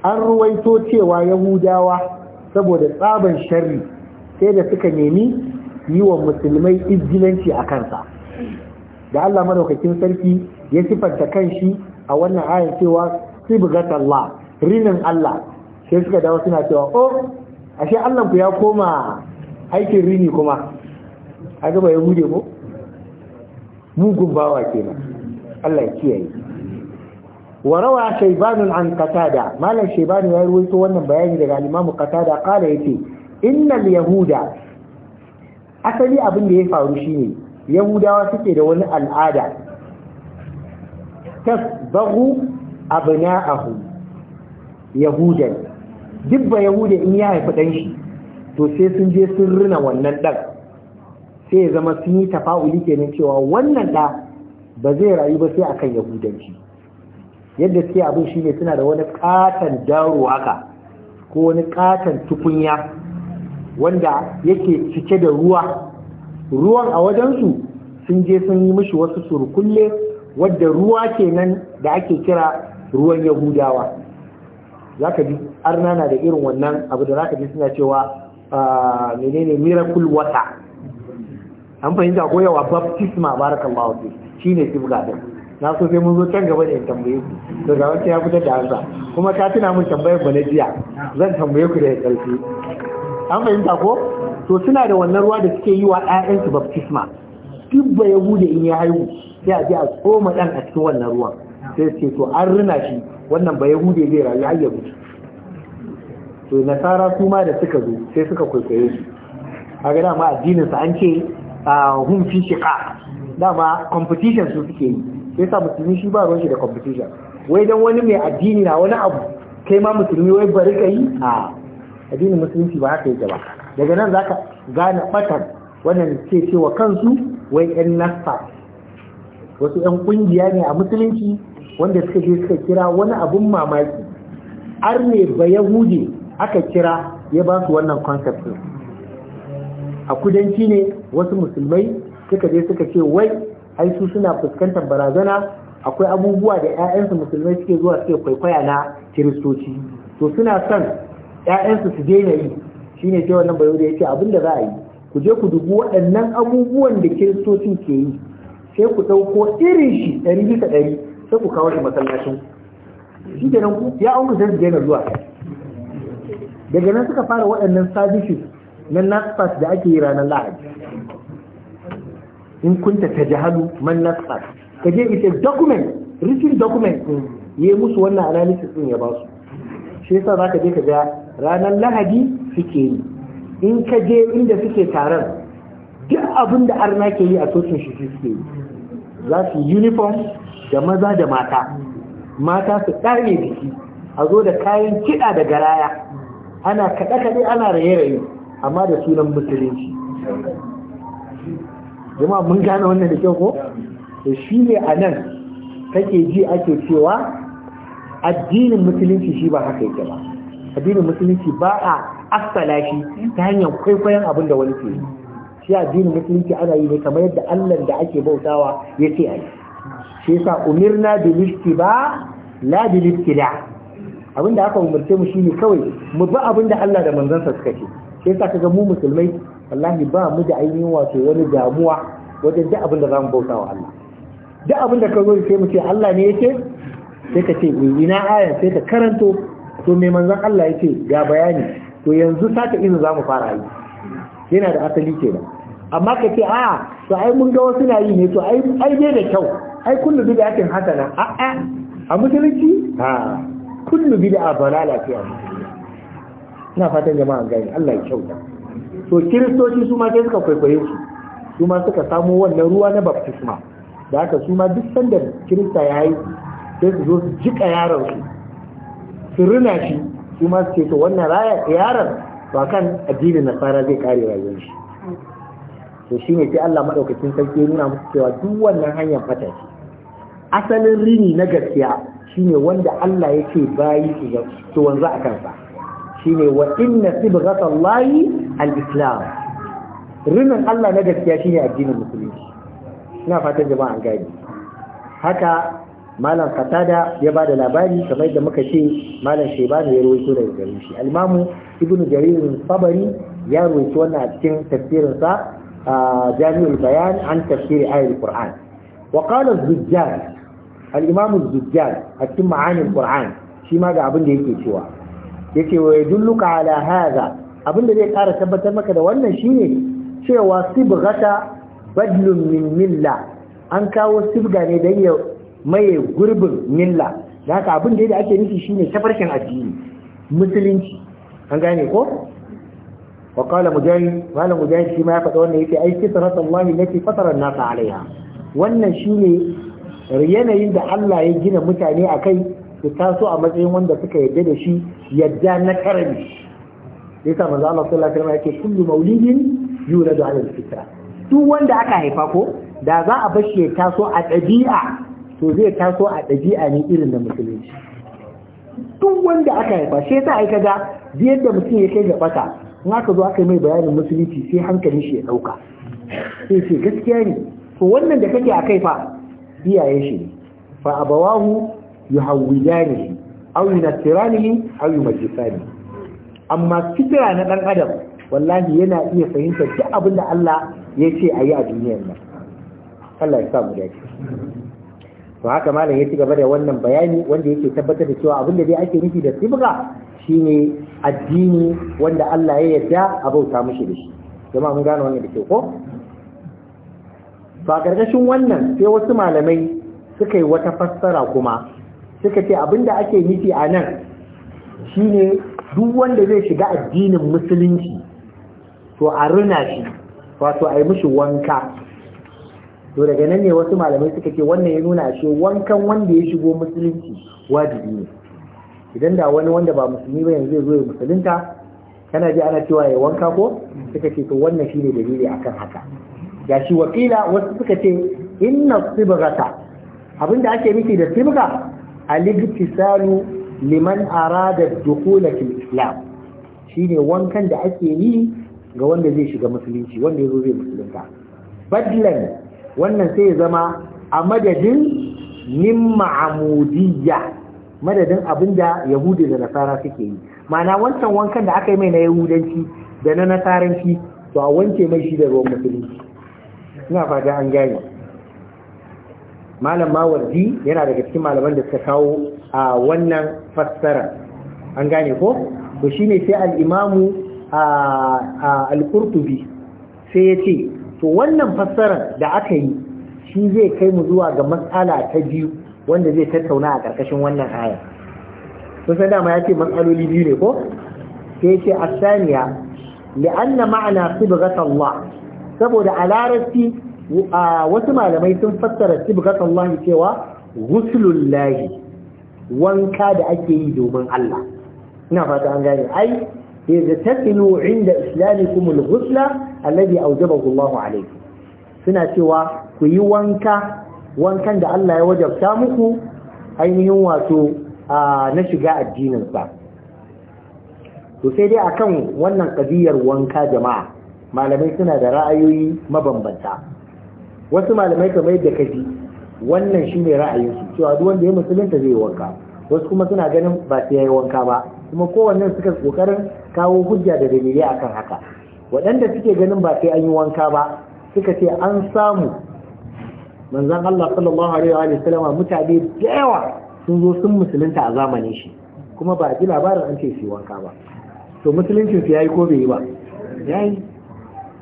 an ruwaito cewa yahudawa saboda tsaban sharri sai da suka nemi yi wa musulmai izgilanci a kansa da Allah madaukakin sarki ya sifanta shi a wannan ayar cewa sibgat Allah rinin Allah sai suka dawo suna cewa oh ashe Allah ku ya koma aikin rini kuma a gaba ya hude ko mugun bawa kenan Allah ya kiyaye wa rawa an qatada malam shaybanu ya ruwaito wannan bayani daga al-imam qatada qala yace innal yahuda asali abin da ya faru shine yahudawa suke da wani al'ada ta na abna'ahu yahudan duk ba yahuda in ya haifi dan shi to sai sun je sun rina wannan dan sai ya zama sun yi tafa'uli kenan cewa wannan da ba zai rayu ba sai akan yahudanci yadda suke abin shi ne suna da wani katon daro haka ko wani katon tukunya wanda yake cike da ruwa ruwan a wajensu sun je sun yi mishi wasu surkulle wadda ruwa ke nan da ake kira ruwan yahudawa ka ji arna na da irin wannan abu da za ka ji suna cewa ah, menene miracle water an fahimta ko yawa baptisma barakallahu shi shine tif din na so sai mun zo can gaba da in tambaye ku to ga wata ya fitar da hansa kuma ka tuna mun tambayar ba na jiya. zan tambaye ku da ya ƙarfi an fahimta ko to suna da wannan ruwa da suke yi wa ɗayansu baptisma duk ba yahuda in ya haihu sai a je a tsoma ɗan a cikin wannan ruwan sai ce to an rina shi wannan ba yahuda zai rayu har ya mutu to nasara su ma da suka zo sai suka kwaikwaye su a ga dama addinin sa an ce hun fi shiqa dama competition su suke yi sai sa musulmi shi ba ruwan shi da competition wai dan wani mai addini na wani abu kai ma musulmi wai bari ka yi a addinin musulunci ba haka yake ba daga nan za ka gane batar wannan ke cewa kansu wai 'yan nasa wasu 'yan ƙungiya ne a musulunci wanda suka je suka kira wani abun mamaki ar ne ba yahudi aka kira ya ba su wannan concept a kudanci ne wasu musulmai suka je suka ce wai ai suna fuskantar barazana akwai abubuwa da 'ya'yansu musulmai suke zuwa suke kwaikwaya na kiristoci to suna son 'ya'yansu su daina yi ne sai wannan bayo da ce abin da za a yi ku je ku dubi waɗannan abubuwan da kiristocin ke yi sai ku ɗauko irin shi ɗari bisa ɗari sai ku kawo shi masallacin shi kenan ku ya an kusa su daina zuwa daga nan suka fara waɗannan services na nasfas da ake yi ranar lahadi in kunta ta jahalu man nasfas ka je ita document written document ya yi musu wannan analysis ɗin ya ba su shi yasa za ka je ka ga ranar lahadi suke yi in ka je inda suke taron duk abin da arna ke yi a cocin shi suke yi za su uniform da maza da mata mata su ɗare biki a zo da kayan kiɗa da garaya ana kaɗe-kaɗe ana raye-raye amma da sunan musulunci jama mun gane wannan da kyau ko da shi ne a nan kake ji ake cewa addinin musulunci shi ba haka yake ba addinin musulunci ba a asala shi ta hanyar kwaikwayon abin da wani ke yi shi addinin musulunci ana yi ne kamar yadda Allah da ake bautawa ya ce a yi shi yasa umirna lifti ba la da. Abin da aka umarce mu shine kawai mu bi da Allah da manzansa suka ce shi yasa kaga mu musulmai wallahi ba mu da ainihin wato wani damuwa wajen duk abinda zamu bautawa Allah duk da ka zo sai mu ce Allah ne yake sai ka ce eh, ina aya sai ka karanto to me manzon Allah yake ga bayani to yanzu saka izu zamu fara yi yana da asali kenan amma ka ce a ah, to ai mun ga wasu na yi ne to ai ai bai da kyau ai kullu bid'atin hasana a a a musulunci ha kullu da balala ce a ina fatan jama'a gani Allah ya kyauta to kiristoci su ma sai suka kwaikwaye su su ma suka samo wannan ruwa na baptisma da haka su ma duk sanda kirista ya yi sai su zo su jika yaron su su rina shi su ma su ce to wannan raya yaron ba kan addinin nasara zai kare rayuwar shi to shi ne Allah maɗaukacin sarki ya nuna musu cewa duk wannan hanyar fata ce asalin rini na gaskiya shine wanda Allah yake bayi su wanzu a kansa shine wa inna sibghata al-islam rinin Allah na gaskiya shine addinin musulunci ina fatan jama'a an gani haka malam katada ya ba da labari kamar da muka ce malam shaybani ya rawaito daga gare shi al ibnu jarir sabari ya rawaito wannan a cikin tafsirin sa jami'ul bayan an tafsiri ayatul qur'an wa qala az al a cikin ma'anin qur'an shi ma ga abin da yake cewa yake wa yadulluka ala hadha abin da zai kara tabbatar maka da wannan shine cewa sibghata badlun min milla an kawo sibga ne da ya maye gurbin milla da haka abin da ake nufi shine tafarkin addini musulunci an gane ko wa qala mujahid malam mujahid shi ma ya faɗa wannan yace ai fitratullahi lati fatara an-nasa alaiha wannan shine yanayin da Allah ya gina mutane akai su taso a matsayin wanda suka yadda da shi yadda na karami yasa manzo Allah sallallahu alaihi wasallam yake kullu maulidin yuladu ala al-fitra duk wanda aka haifa ko da za a bashi ya taso a ɗabi'a to zai taso a ɗabi'a ne irin da musulunci duk wanda aka haifa shi aika ga biyar da mutum ya kai ga bata in aka zo aka yi mai bayanin musulunci sai hankali shi ya ɗauka sai ce gaskiya ne to wannan da kake a kai fa iyaye shi ne fa abawahu yuhawwidanihi aw yunasiranihi aw yumajjisani amma fitira na ɗan adam wallahi yana iya fahimtar duk abin da Allah ya ce a yi a duniyar nan Allah ya sa mu dace to haka malam ya ci gaba da wannan bayani wanda yake tabbatar da cewa abin da dai ake nufi da sibra shine addini wanda Allah ya yarda a bauta mushi da shi jama'a mun gane wannan da ke ko to gargashin wannan sai wasu malamai suka yi wata fassara kuma suka ce abin da ake nufi a nan shine duk wanda zai shiga addinin musulunci to a rina shi wato a yi mishi wanka to daga nan ne wasu malamai suka ce wannan ya nuna ashe wankan wanda ya shigo musulunci wajibi ne idan da wani wanda ba musulmi ba yanzu zai zo ya musulunta kana ji ana cewa ya wanka ko suka ce to wannan shine dalili akan haka ya shi wakila wasu suka ce inna sibghata abinda ake nufi da sibga al liman arada dukhul fil islam shine wankan da ake yi ga wanda zai shiga musulunci wanda yazo zai musulunta badlan wannan sai ya zama a madadin min ma'amudiyya madadin abin da yahudi da nasara suke yi ma'ana wancan wankan da aka yi mai na yahudanci da na nasaranci to a wanke mai shi da ruwan musulunci ina fata an gane malam mawardi yana daga cikin malaman da suka kawo a wannan fassara an gane ko to shine sai al-imamu al-qurtubi sai ya ce to wannan fassarar da aka yi shi zai kai mu zuwa ga matsala ta biyu wanda zai tattauna a ƙarƙashin wannan aya sun san dama ya ce matsaloli biyu ne ko sai ce asaniya li'anna ma'ana sibghat saboda a larasti wasu malamai sun fassara sibghat cewa ghuslul lahi wanka da ake yi domin Allah ina fata an gane ai idza tasilu inda islamikum al-ghusla alladhi awjabahu Allahu alayhi suna cewa ku yi wanka wankan da Allah ya wajabta muku ainihin wato na shiga addinin sa to sai dai akan wannan kadiyar wanka jama'a malamai suna da ra'ayoyi mabambanta wasu malamai kamar yadda kaji wannan shine ra'ayinsu cewa duk wanda ya musulunta zai wanka wasu kuma suna ganin ba sai yayi wanka ba kuma kowannen suka kokarin kawo hujja da dalili akan haka waɗanda suke ganin ba sai an yi wanka ba suka ce an samu manzan Allah sallallahu alaihi wa sallam mutane da yawa sun zo sun musulunta a zamanin shi kuma ba a ji labarin an ce su yi wanka ba to musuluncin su yi ko bai yi ba yi?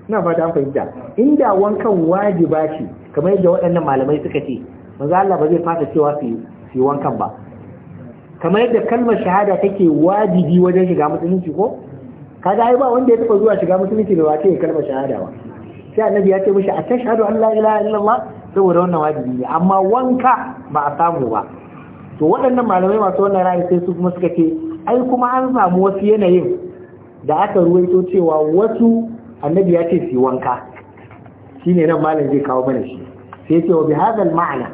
ina fata an fahimta inda wankan wajiba ce kamar yadda waɗannan malamai suka ce manzan Allah ba zai fasa cewa su yi wankan ba kamar yadda kalmar shahada take wajibi wajen shiga musulunci ko kaga ai ba wanda ya taba zuwa shiga musulunci da wace ya kalma shahada ba sai annabi ya ce mishi a tashhadu an la ilaha illallah saboda wannan wajibi ne amma wanka ba a samu ba to waɗannan malamai masu wannan ra'ayi sai su kuma suka ce ai kuma an samu wasu yanayin da aka ruwaito cewa wasu annabi ya ce su wanka shine nan malam zai kawo mana shi sai ce wa bi hadal ma'ana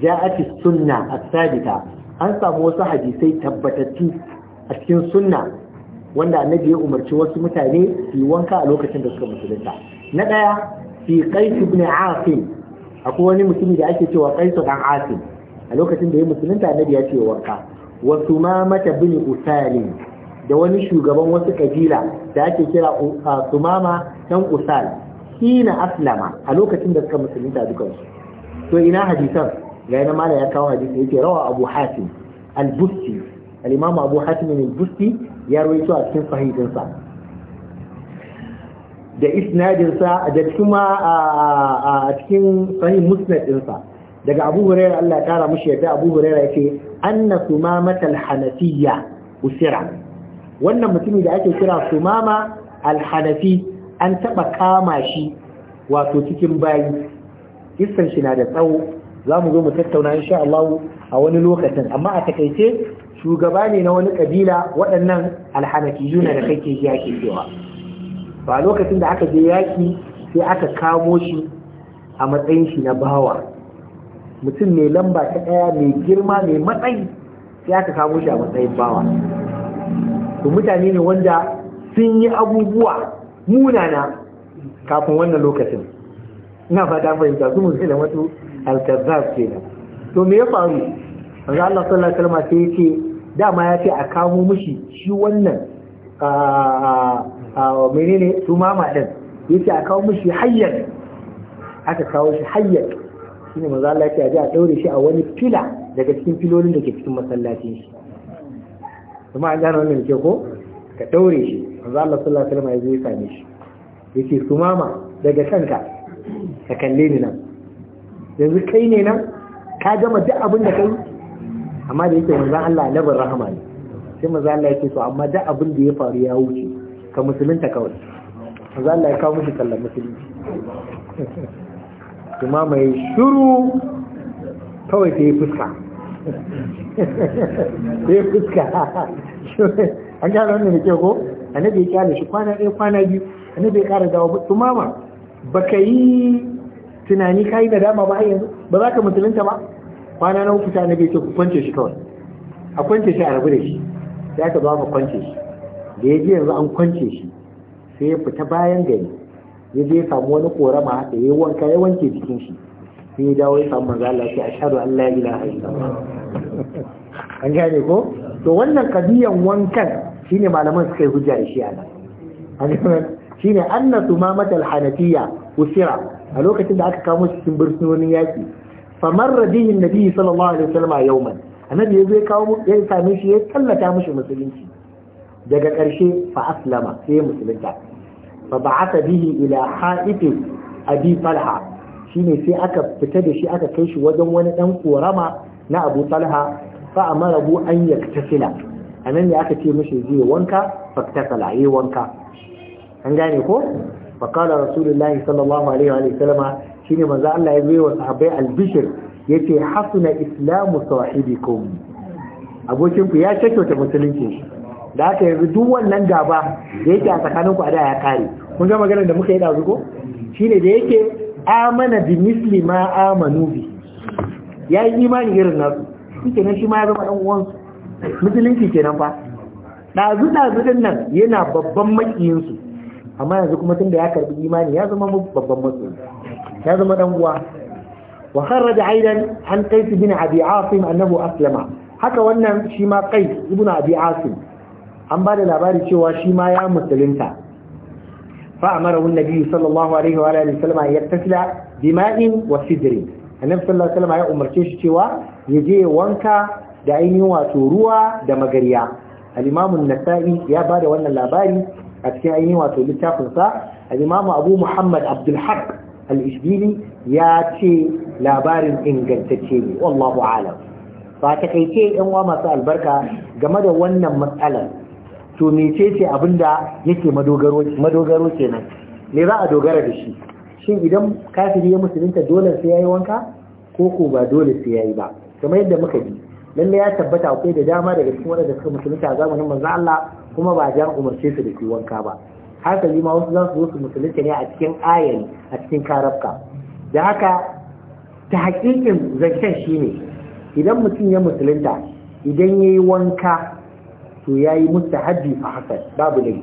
ja'at sunna as-sabita an samu wasu hadisai tabbatattu a cikin sunna wanda annabi ya umarci wasu mutane su yi wanka a lokacin da suka musulunta na ɗaya fi qais ibn asim akwai wani mutumi da ake cewa qais dan asim a lokacin da ya musulunta annabi ya ce wanka wa sumamata bin usalim da wani shugaban wasu kabila da ake kira sumama dan usal hina aslama a lokacin da suka musulunta dukansu to ina hadisan ga yana mala ya kawo hadisi yake rawa abu hatim al-busti al-imam abu hatim al-busti ya rawaito a cikin sahihinsa da isnadinsa da kuma a cikin fahim musnadinsa, ɗinsa daga Abu Hurairah Allah ya kara mushi yadda Abu Hurairah yake anna sumama al usira wannan mutumi da ake kira sumama alhanafi an taba kama shi wato cikin bayi kissan shi na da tsawo za mu zo mu tattauna insha Allah a wani lokacin amma a takaice shugaba ne na wani kabila waɗannan alhanaki, alhanakiyuna da kake yaki ake cewa ba lokacin da aka je yaki sai aka kamo shi a matsayin shi na bawa mutum mai lamba ta ɗaya mai girma mai matsayi sai aka kamo shi a matsayin bawa to mutane ne wanda sun yi abubuwa munana kafin wannan lokacin ina fata fahimta su da wasu al ke kenan to me ya faru manzo Allah sallallahu alaihi wasallam sai yake dama ya ce a kawo mishi shi wannan a menene tumama din yace a kawo mishi hayyan aka kawo shi hayyan shine manzo Allah ya ce a daure shi a wani fila daga cikin filolin da ke cikin masallacin shi kuma an gano wannan ke ko ka daure shi manzo Allah sallallahu alaihi wasallam ya zo ya same shi yace tumama daga kanka ka kalle ni nan yanzu kai ne nan ka gama duk abin da kai amma da yake manzon Allah labar rahama ne sai manzon Allah yake so amma duk abin da ya faru ya wuce ka musulunta kawai manzon Allah ya kawo mishi kallon musulunci kuma mai shuru kawai ta yi fuska ta yi fuska an gyara wannan da ke ko annabi ya kyale shi kwana ɗaya kwana biyu annabi ya ƙara dawo tumama ka yi tunani kayi da dama ba yanzu ba za ka musulunta ba kwana na hukuta na bai ce ku kwance shi kawai a kwance shi a rabu da shi ya ka zama kwance shi da ya ji yanzu an kwance shi sai ya fita bayan gari ya je ya samu wani korama da ya wanka ya wanke jikin shi sai ya dawo ya samu manzo Allah sai ashhadu Allah ya ilaha illallah an gane ko to wannan kadiyan wankan shine malaman suka yi hujja da shi a nan shine anna sumamatul hanafiya usira a lokacin da aka kamo shi cikin bursunonin yaƙi famar radihin nabi sallallahu alaihi wasallam yauman annabi ya zai kawo ya same shi ya tallata mishi musulunci daga ƙarshe fa aslama sai ya musulunta fa ba'atha bihi ila haifi abi talha shine sai aka fita da shi aka kai shi wajen wani dan korama na abu talha fa amarahu an yaktasila anan ne aka ce mishi zai wanka faktasala yayi wanka an gane ko faqala rasulullahi sallallahu alaihi wa sallama shine manzo Allah ya yi wa sahabbai albishir yace hasuna islamu sahibikum abokin ku ya kyauta musulunci da aka yanzu duk wannan gaba da yake a tsakanin ku a da ya kare kun ga maganar da muka yi dazu ko shine da yake amana bi misli ma amanu bi ya yi imani irin nasu shike nan shi ma ya zama dan uwan musulunci kenan fa dazu dazu din nan yana babban makiyin amma yanzu kuma tunda ya karbi imani ya zama babban matsi. ya zama dan uwa wa kharraja aidan an qais bin abi asim annahu aslama haka wannan shi ma qais ibn abi asim an ba da labari cewa shi ma ya musulunta fa amarahu annabi sallallahu alaihi wa alihi wasallam yaktasila bima'in wa sidrin annabi sallallahu alaihi wasallam ya umarce shi cewa ya je wanka da ainihin wato ruwa da magariya al-imamu an-nasa'i ya ba da wannan labari a cikin ainihin wato littafinsa sa, imam abu muhammad Abdulhaq al-ishbili ya ce labarin ingantacce ne wallahu alam ba ta kaice yan uwa masu albarka game da wannan matsalar to mecece abinda yake madogaro kenan me za a dogara da shi shin idan kafiri ya musulunta dole sai yi wanka ko ko ba dole sai yayi ba kamar yadda muka ji lallai ya tabbata akwai da dama daga cikin wanda suka musulunta a zamanin manzo Allah kuma ba jan umarce su da ke wanka ba haka ma wasu za su zo su musulunta ne a cikin ayani a cikin karabka da haka ta hakikin zancen shi ne idan mutum ya musulunta idan ya yi wanka to ya yi musta hajji a haka babu ne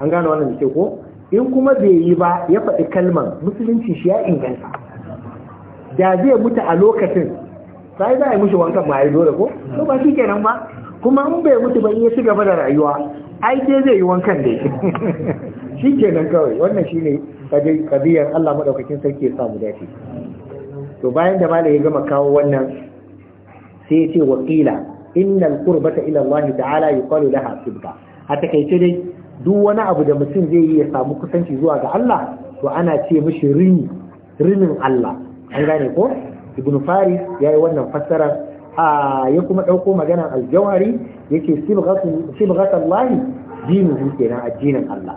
an gane wannan da ke ko in kuma bai yi ba ya faɗi kalman musulunci shi ya inganta da zai mutu a lokacin sai za a yi mushi wankan ma ya dole ko ko ba shi kenan ba kuma in bai mutu ba ya ci gaba da rayuwa ai dai zai yi wankan dai shi ke nan kawai wannan shi ne kadiyar Allah madaukakin sarki ya samu dace to bayan da malai ya gama kawo wannan sai ya ce wakila innal qurbata ila Allah ta'ala yuqalu laha sibqa a takaice dai duk wani abu da mutum zai yi ya samu kusanci zuwa ga Allah to ana ce mishi rini rinin Allah an gane ko ibn faris yayi wannan fassarar. a ya kuma ɗauko maganar aljawari yake sibghatullahi dinuhu kenan addinin Allah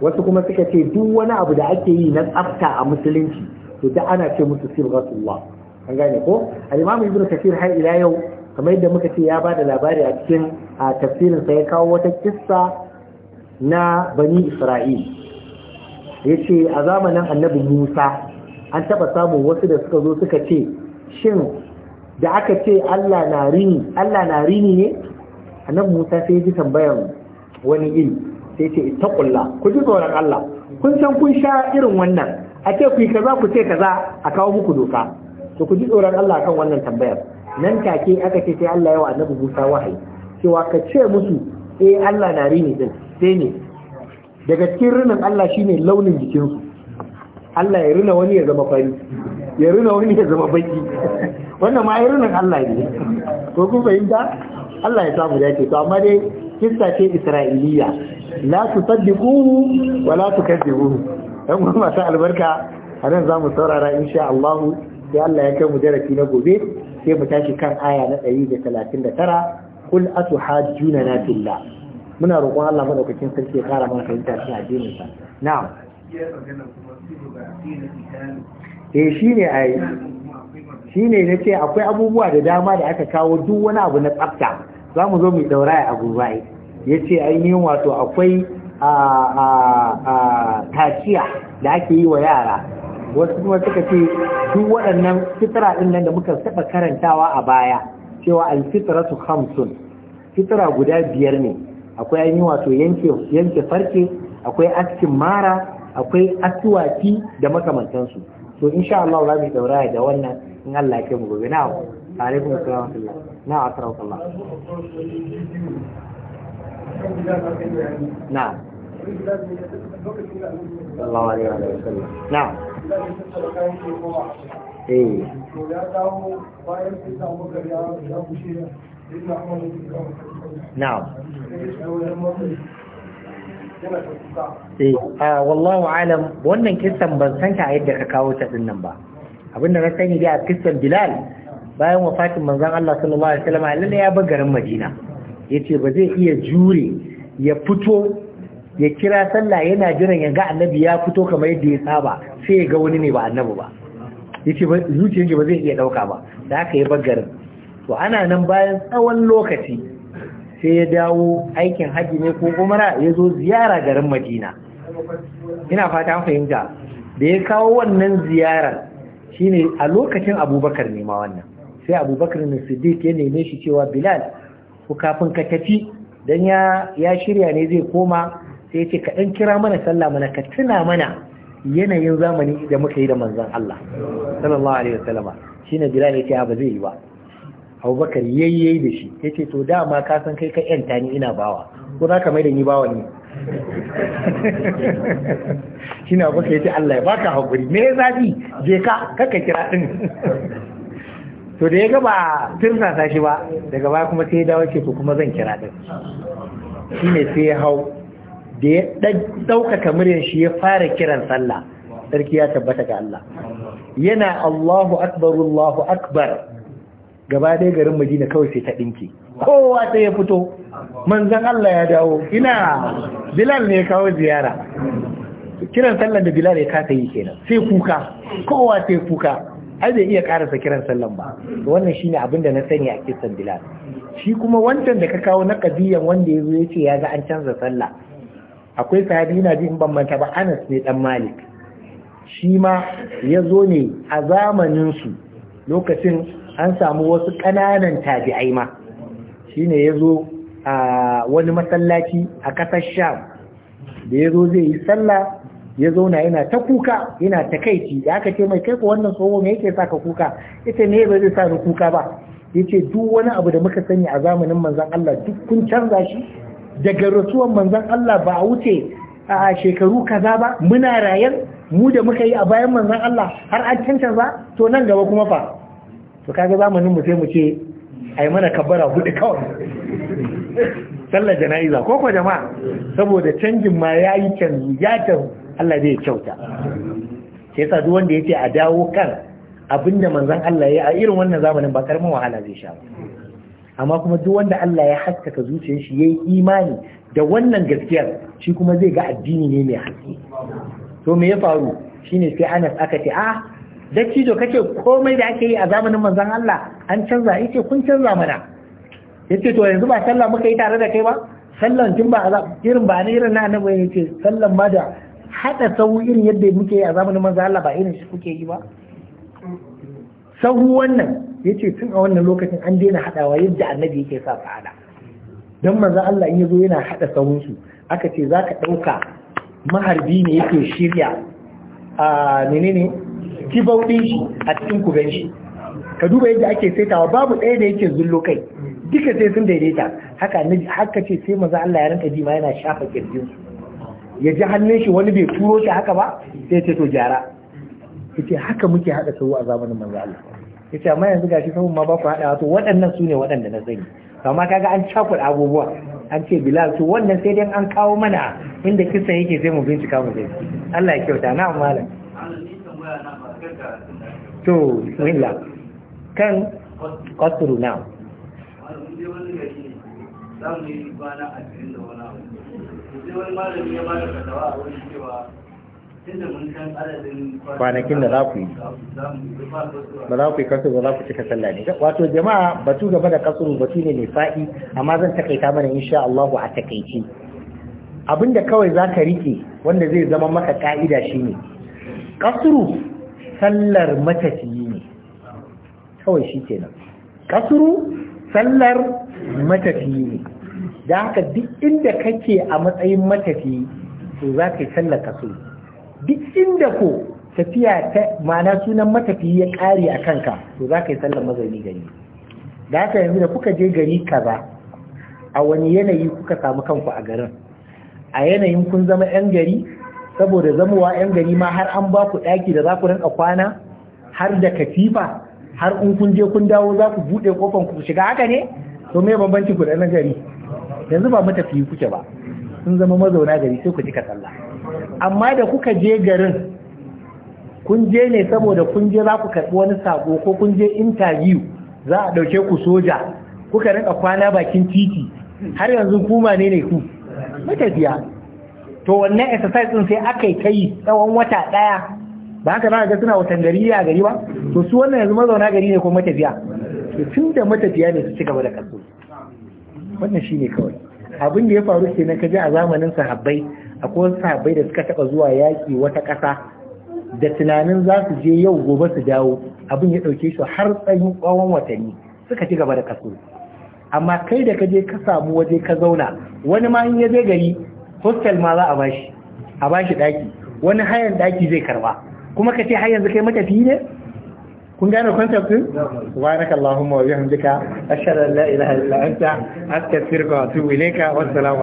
wasu kuma suka ce duk wani abu da ake yi na tsafta a musulunci to da ana ce musu sibghatullah an gane ko al-imam ibn kathir har ila yau kamar yadda muka ce ya bada labari a cikin tafsirin sa ya kawo wata kissa na bani isra'il yace a zamanin annabi Musa an taba samun wasu da suka zo suka ce shin da aka ce Allah na rini Allah na rini ne A nan Musa sai ji tambayan wani iri sai ce ittaqullah ku ji tsoron Allah kun san kun sha irin wannan a ce ku yi kaza ku ce kaza a kawo muku doka to ku ji tsoron Allah kan wannan tambayar nan take aka ce sai Allah ya wa annabi Musa wahayi cewa ka ce musu eh Allah na rini din sai ne daga cikin rinin Allah shine launin jikinsu Allah ya rina wani ya zama fari ya rina wani ya zama baki wannan ma irin Allah ne ko kun fahimta Allah ya samu dace to amma dai kissa ce Isra'iliya la tusaddiquhu wa la tukazzibuhu dan mun masu albarka a nan zamu saurara insha Allah sai Allah ya kai mu darasi na gobe sai mu tashi kan aya na 139 kul atuhajjuna na billah muna roƙon Allah madaukakin sarki ya kara mana fahimta a addinin sa na'am eh, shi shine ai shine na ce akwai abubuwa da dama da aka kawo duk wani abu na tsafta za mu zo mu dauraya a bai ya ce ainihin wato akwai taciya da ake yi wa yara wasu kuma suka ce duk waɗannan fitra ɗin nan da muka saba karantawa a baya cewa alfitira su hamsun Fitara guda biyar ne akwai ainihin wato yanke farke akwai askin mara akwai asuwaki da makamantansu to insha Allah za mu daura da wannan in Allah ke mu gobe na'am alaikum assalam wa rahmatullah na'am akramakallah wa na'am eh eh ah, alam wannan kisan ban san ka yadda ka kawo ta nan ba abinda na sani dai a kissan bilal bayan wafatin manzon Allah sallallahu alaihi wasallam lalle ya bar garin Madina yace ba zai iya jure ya fito ya kira sallah yana jiran ya ga annabi ya fito kamar yadda ya saba sai ya ga wani ne ba annabi ba yace ba zuciyar ba zai iya dauka ba da haka ya bar garin to ana nan bayan tsawon lokaci sai ya dawo aikin haji ne ko umara ya zo ziyara garin Madina ina fata an fahimta da ya kawo wannan ziyarar Shi ne a lokacin abubakar ne wannan sai abubakar na siddiq ya neme shi cewa bilal ku kafin ka tafi Don ya shirya ne zai koma sai ya ce ka ɗan kira mana sallah mana ka tuna mana yanayin zamani da muka yi da manzan Allah sallallahu alaihi wasallama ne bilal ya ce ba zai yi ba abubakar yayyayi da shi ya ce to dama ka san kai ka yanta ni ina bawa ko za ka mai da ni bawa ne shi na baka ce Allah ya baka haƙuri me ya zafi je ka kaka kira ɗin to da ya gaba ba ta shi ba daga baya kuma sai ya dawo ce to kuma zan kira ɗin shi ne sai ya hau da ya ɗaukaka muryar shi ya fara kiran sallah sarki ya tabbata ga Allah yana Allahu akbar Allahu akbar gaba ɗaya garin madina kawai sai ta ɗinke kowa sai ya fito manzan Allah ya dawo ina bilal ne kawo ziyara kiran sallan da bilal ya kasa yi kenan sai kuka kowa sai kuka ai bai iya karasa kiran sallan ba wannan shine abin da na sani a kisan bilal shi kuma wancan da ka kawo na kadiyan wanda ya zo ya ce ya ga an canza sallah akwai sahabi yana jin ban manta ba Anas ne dan Malik shi ma ya zo ne a zamanin su lokacin an samu wasu ƙananan tabi'ai ma Shi shine yazo a wani masallaci a ƙasar Sham da yazo zai yi sallah ya zauna yana ta kuka yana ta da aka ce mai kai ko wannan tsoho me yake saka kuka ita ne ba zai sa kuka ba yace duk wani abu da muka sani a zamanin manzon Allah duk kun canza shi daga rasuwan manzon Allah ba a wuce a shekaru kaza ba muna rayar mu da muka yi a bayan manzon Allah har an canza to nan gaba kuma fa to kaga zamanin mu sai mu ce ai mana kabbara hudu kawai sallar jana'iza ko ko jama'a saboda canjin ma yayi canzu ya canzu Allah zai kyauta sai yasa duk wanda yake a dawo kan abinda manzon Allah ya a irin wannan zamanin ba karamin wahala zai sha amma kuma duk wanda Allah ya haskaka zuciyar shi yayi imani da wannan gaskiyar shi kuma zai ga addini ne mai haske to me ya faru shine sai Anas aka ce ah dattijo kake komai da ake yi a zamanin manzon Allah an canza yace kun canza mana ce to yanzu ba sallah muka yi tare da kai ba sallan tun ba irin ba ne irin na annabi ce, sallan ma da hada sahu irin yadda muke yi a zamanin manzon Allah ba irin shi kuke yi ba sahu wannan ce tun a wannan lokacin an daina hadawa yadda annabi yake sa tsada. don manzon Allah in yazo yana hada sahunsu aka ce zaka dauka maharbi ne yake shirya a ah, menene kibau shi a cikin kuben shi ka duba yadda ake saitawa babu ɗaya da yake zullo kai duka sai sun daidaita haka haka ce sai maza Allah ya ranka jima yana shafa kirjin ya ji hannun shi wani bai turo shi haka ba sai ce to gyara yace haka muke hada sau a zamanin manzo Allah yace amma yanzu gashi sabon ma ba ku hada to waɗannan su ne waɗanda na sani amma kaga an chakul abubuwa an ce Bilal to wannan sai dai an kawo mana inda kisa yake sai mu bincika mu sai Allah ya kyauta na malam to bismillah kan kwasturu na kwanakin da za ku yi ba za ku yi kasuru ba za ku cika sallah ne wato jama'a batu gaba da kasuru batu ne mai fa'i amma zan takaita mana insha Allah a takaici abinda kawai za ka rike wanda zai zama maka ka'ida shine kasuru sallar matafiyi ne kawai shi nan kasuru sallar matafiyi ne da haka duk inda kake a matsayin matafiyi to za ka yi sallar kasuru duk inda ko tafiya ta mana sunan matafiyi ya ƙare a kanka to za ka yi sallar mazauni gari da haka yanzu da kuka je gari kaza a wani yanayi kuka samu kanku a garin a yanayin kun zama 'yan gari saboda zamowa 'yan gari ma har an ba ku ɗaki da za ku rinka kwana har da katifa har in kun je kun dawo za ku buɗe kofan ku shiga haka ne to me bambanci ku da na gari yanzu ba matafiyi kuke ba sun zama mazauna gari sai ku ji sallah amma da kuka je garin kun je ne saboda kun je za ku karɓi wani sako ko kun je interview za a ɗauke ku soja kuka rinka kwana bakin titi har yanzu kuma ne ne ku matafiya to wannan exercise din sai aka yi kai tsawon wata daya ba haka za ga suna watan gari a gari ba to su wannan yanzu mazauna gari ne ko matafiya to tun da matafiya ne su ci gaba da kaso wannan shine kawai abin da ya faru ke na kaje a zamanin sahabbai akwai wasu sahabbai da suka taba zuwa yaki wata kasa da tunanin za su je yau gobe su dawo abin ya dauke shi har tsayin tsawon watanni suka ci gaba da kaso amma kai da ka je ka samu waje ka zauna wani ma in ya je gari hostel ma za a bashi a bashi daki wani hayan daki zai karba kuma ka ce har yanzu kai matafi ne kun gane concept din subhanaka allahumma wa bihamdika ashhadu an la ilaha illa anta astaghfiruka wa atubu ilayka wassalamu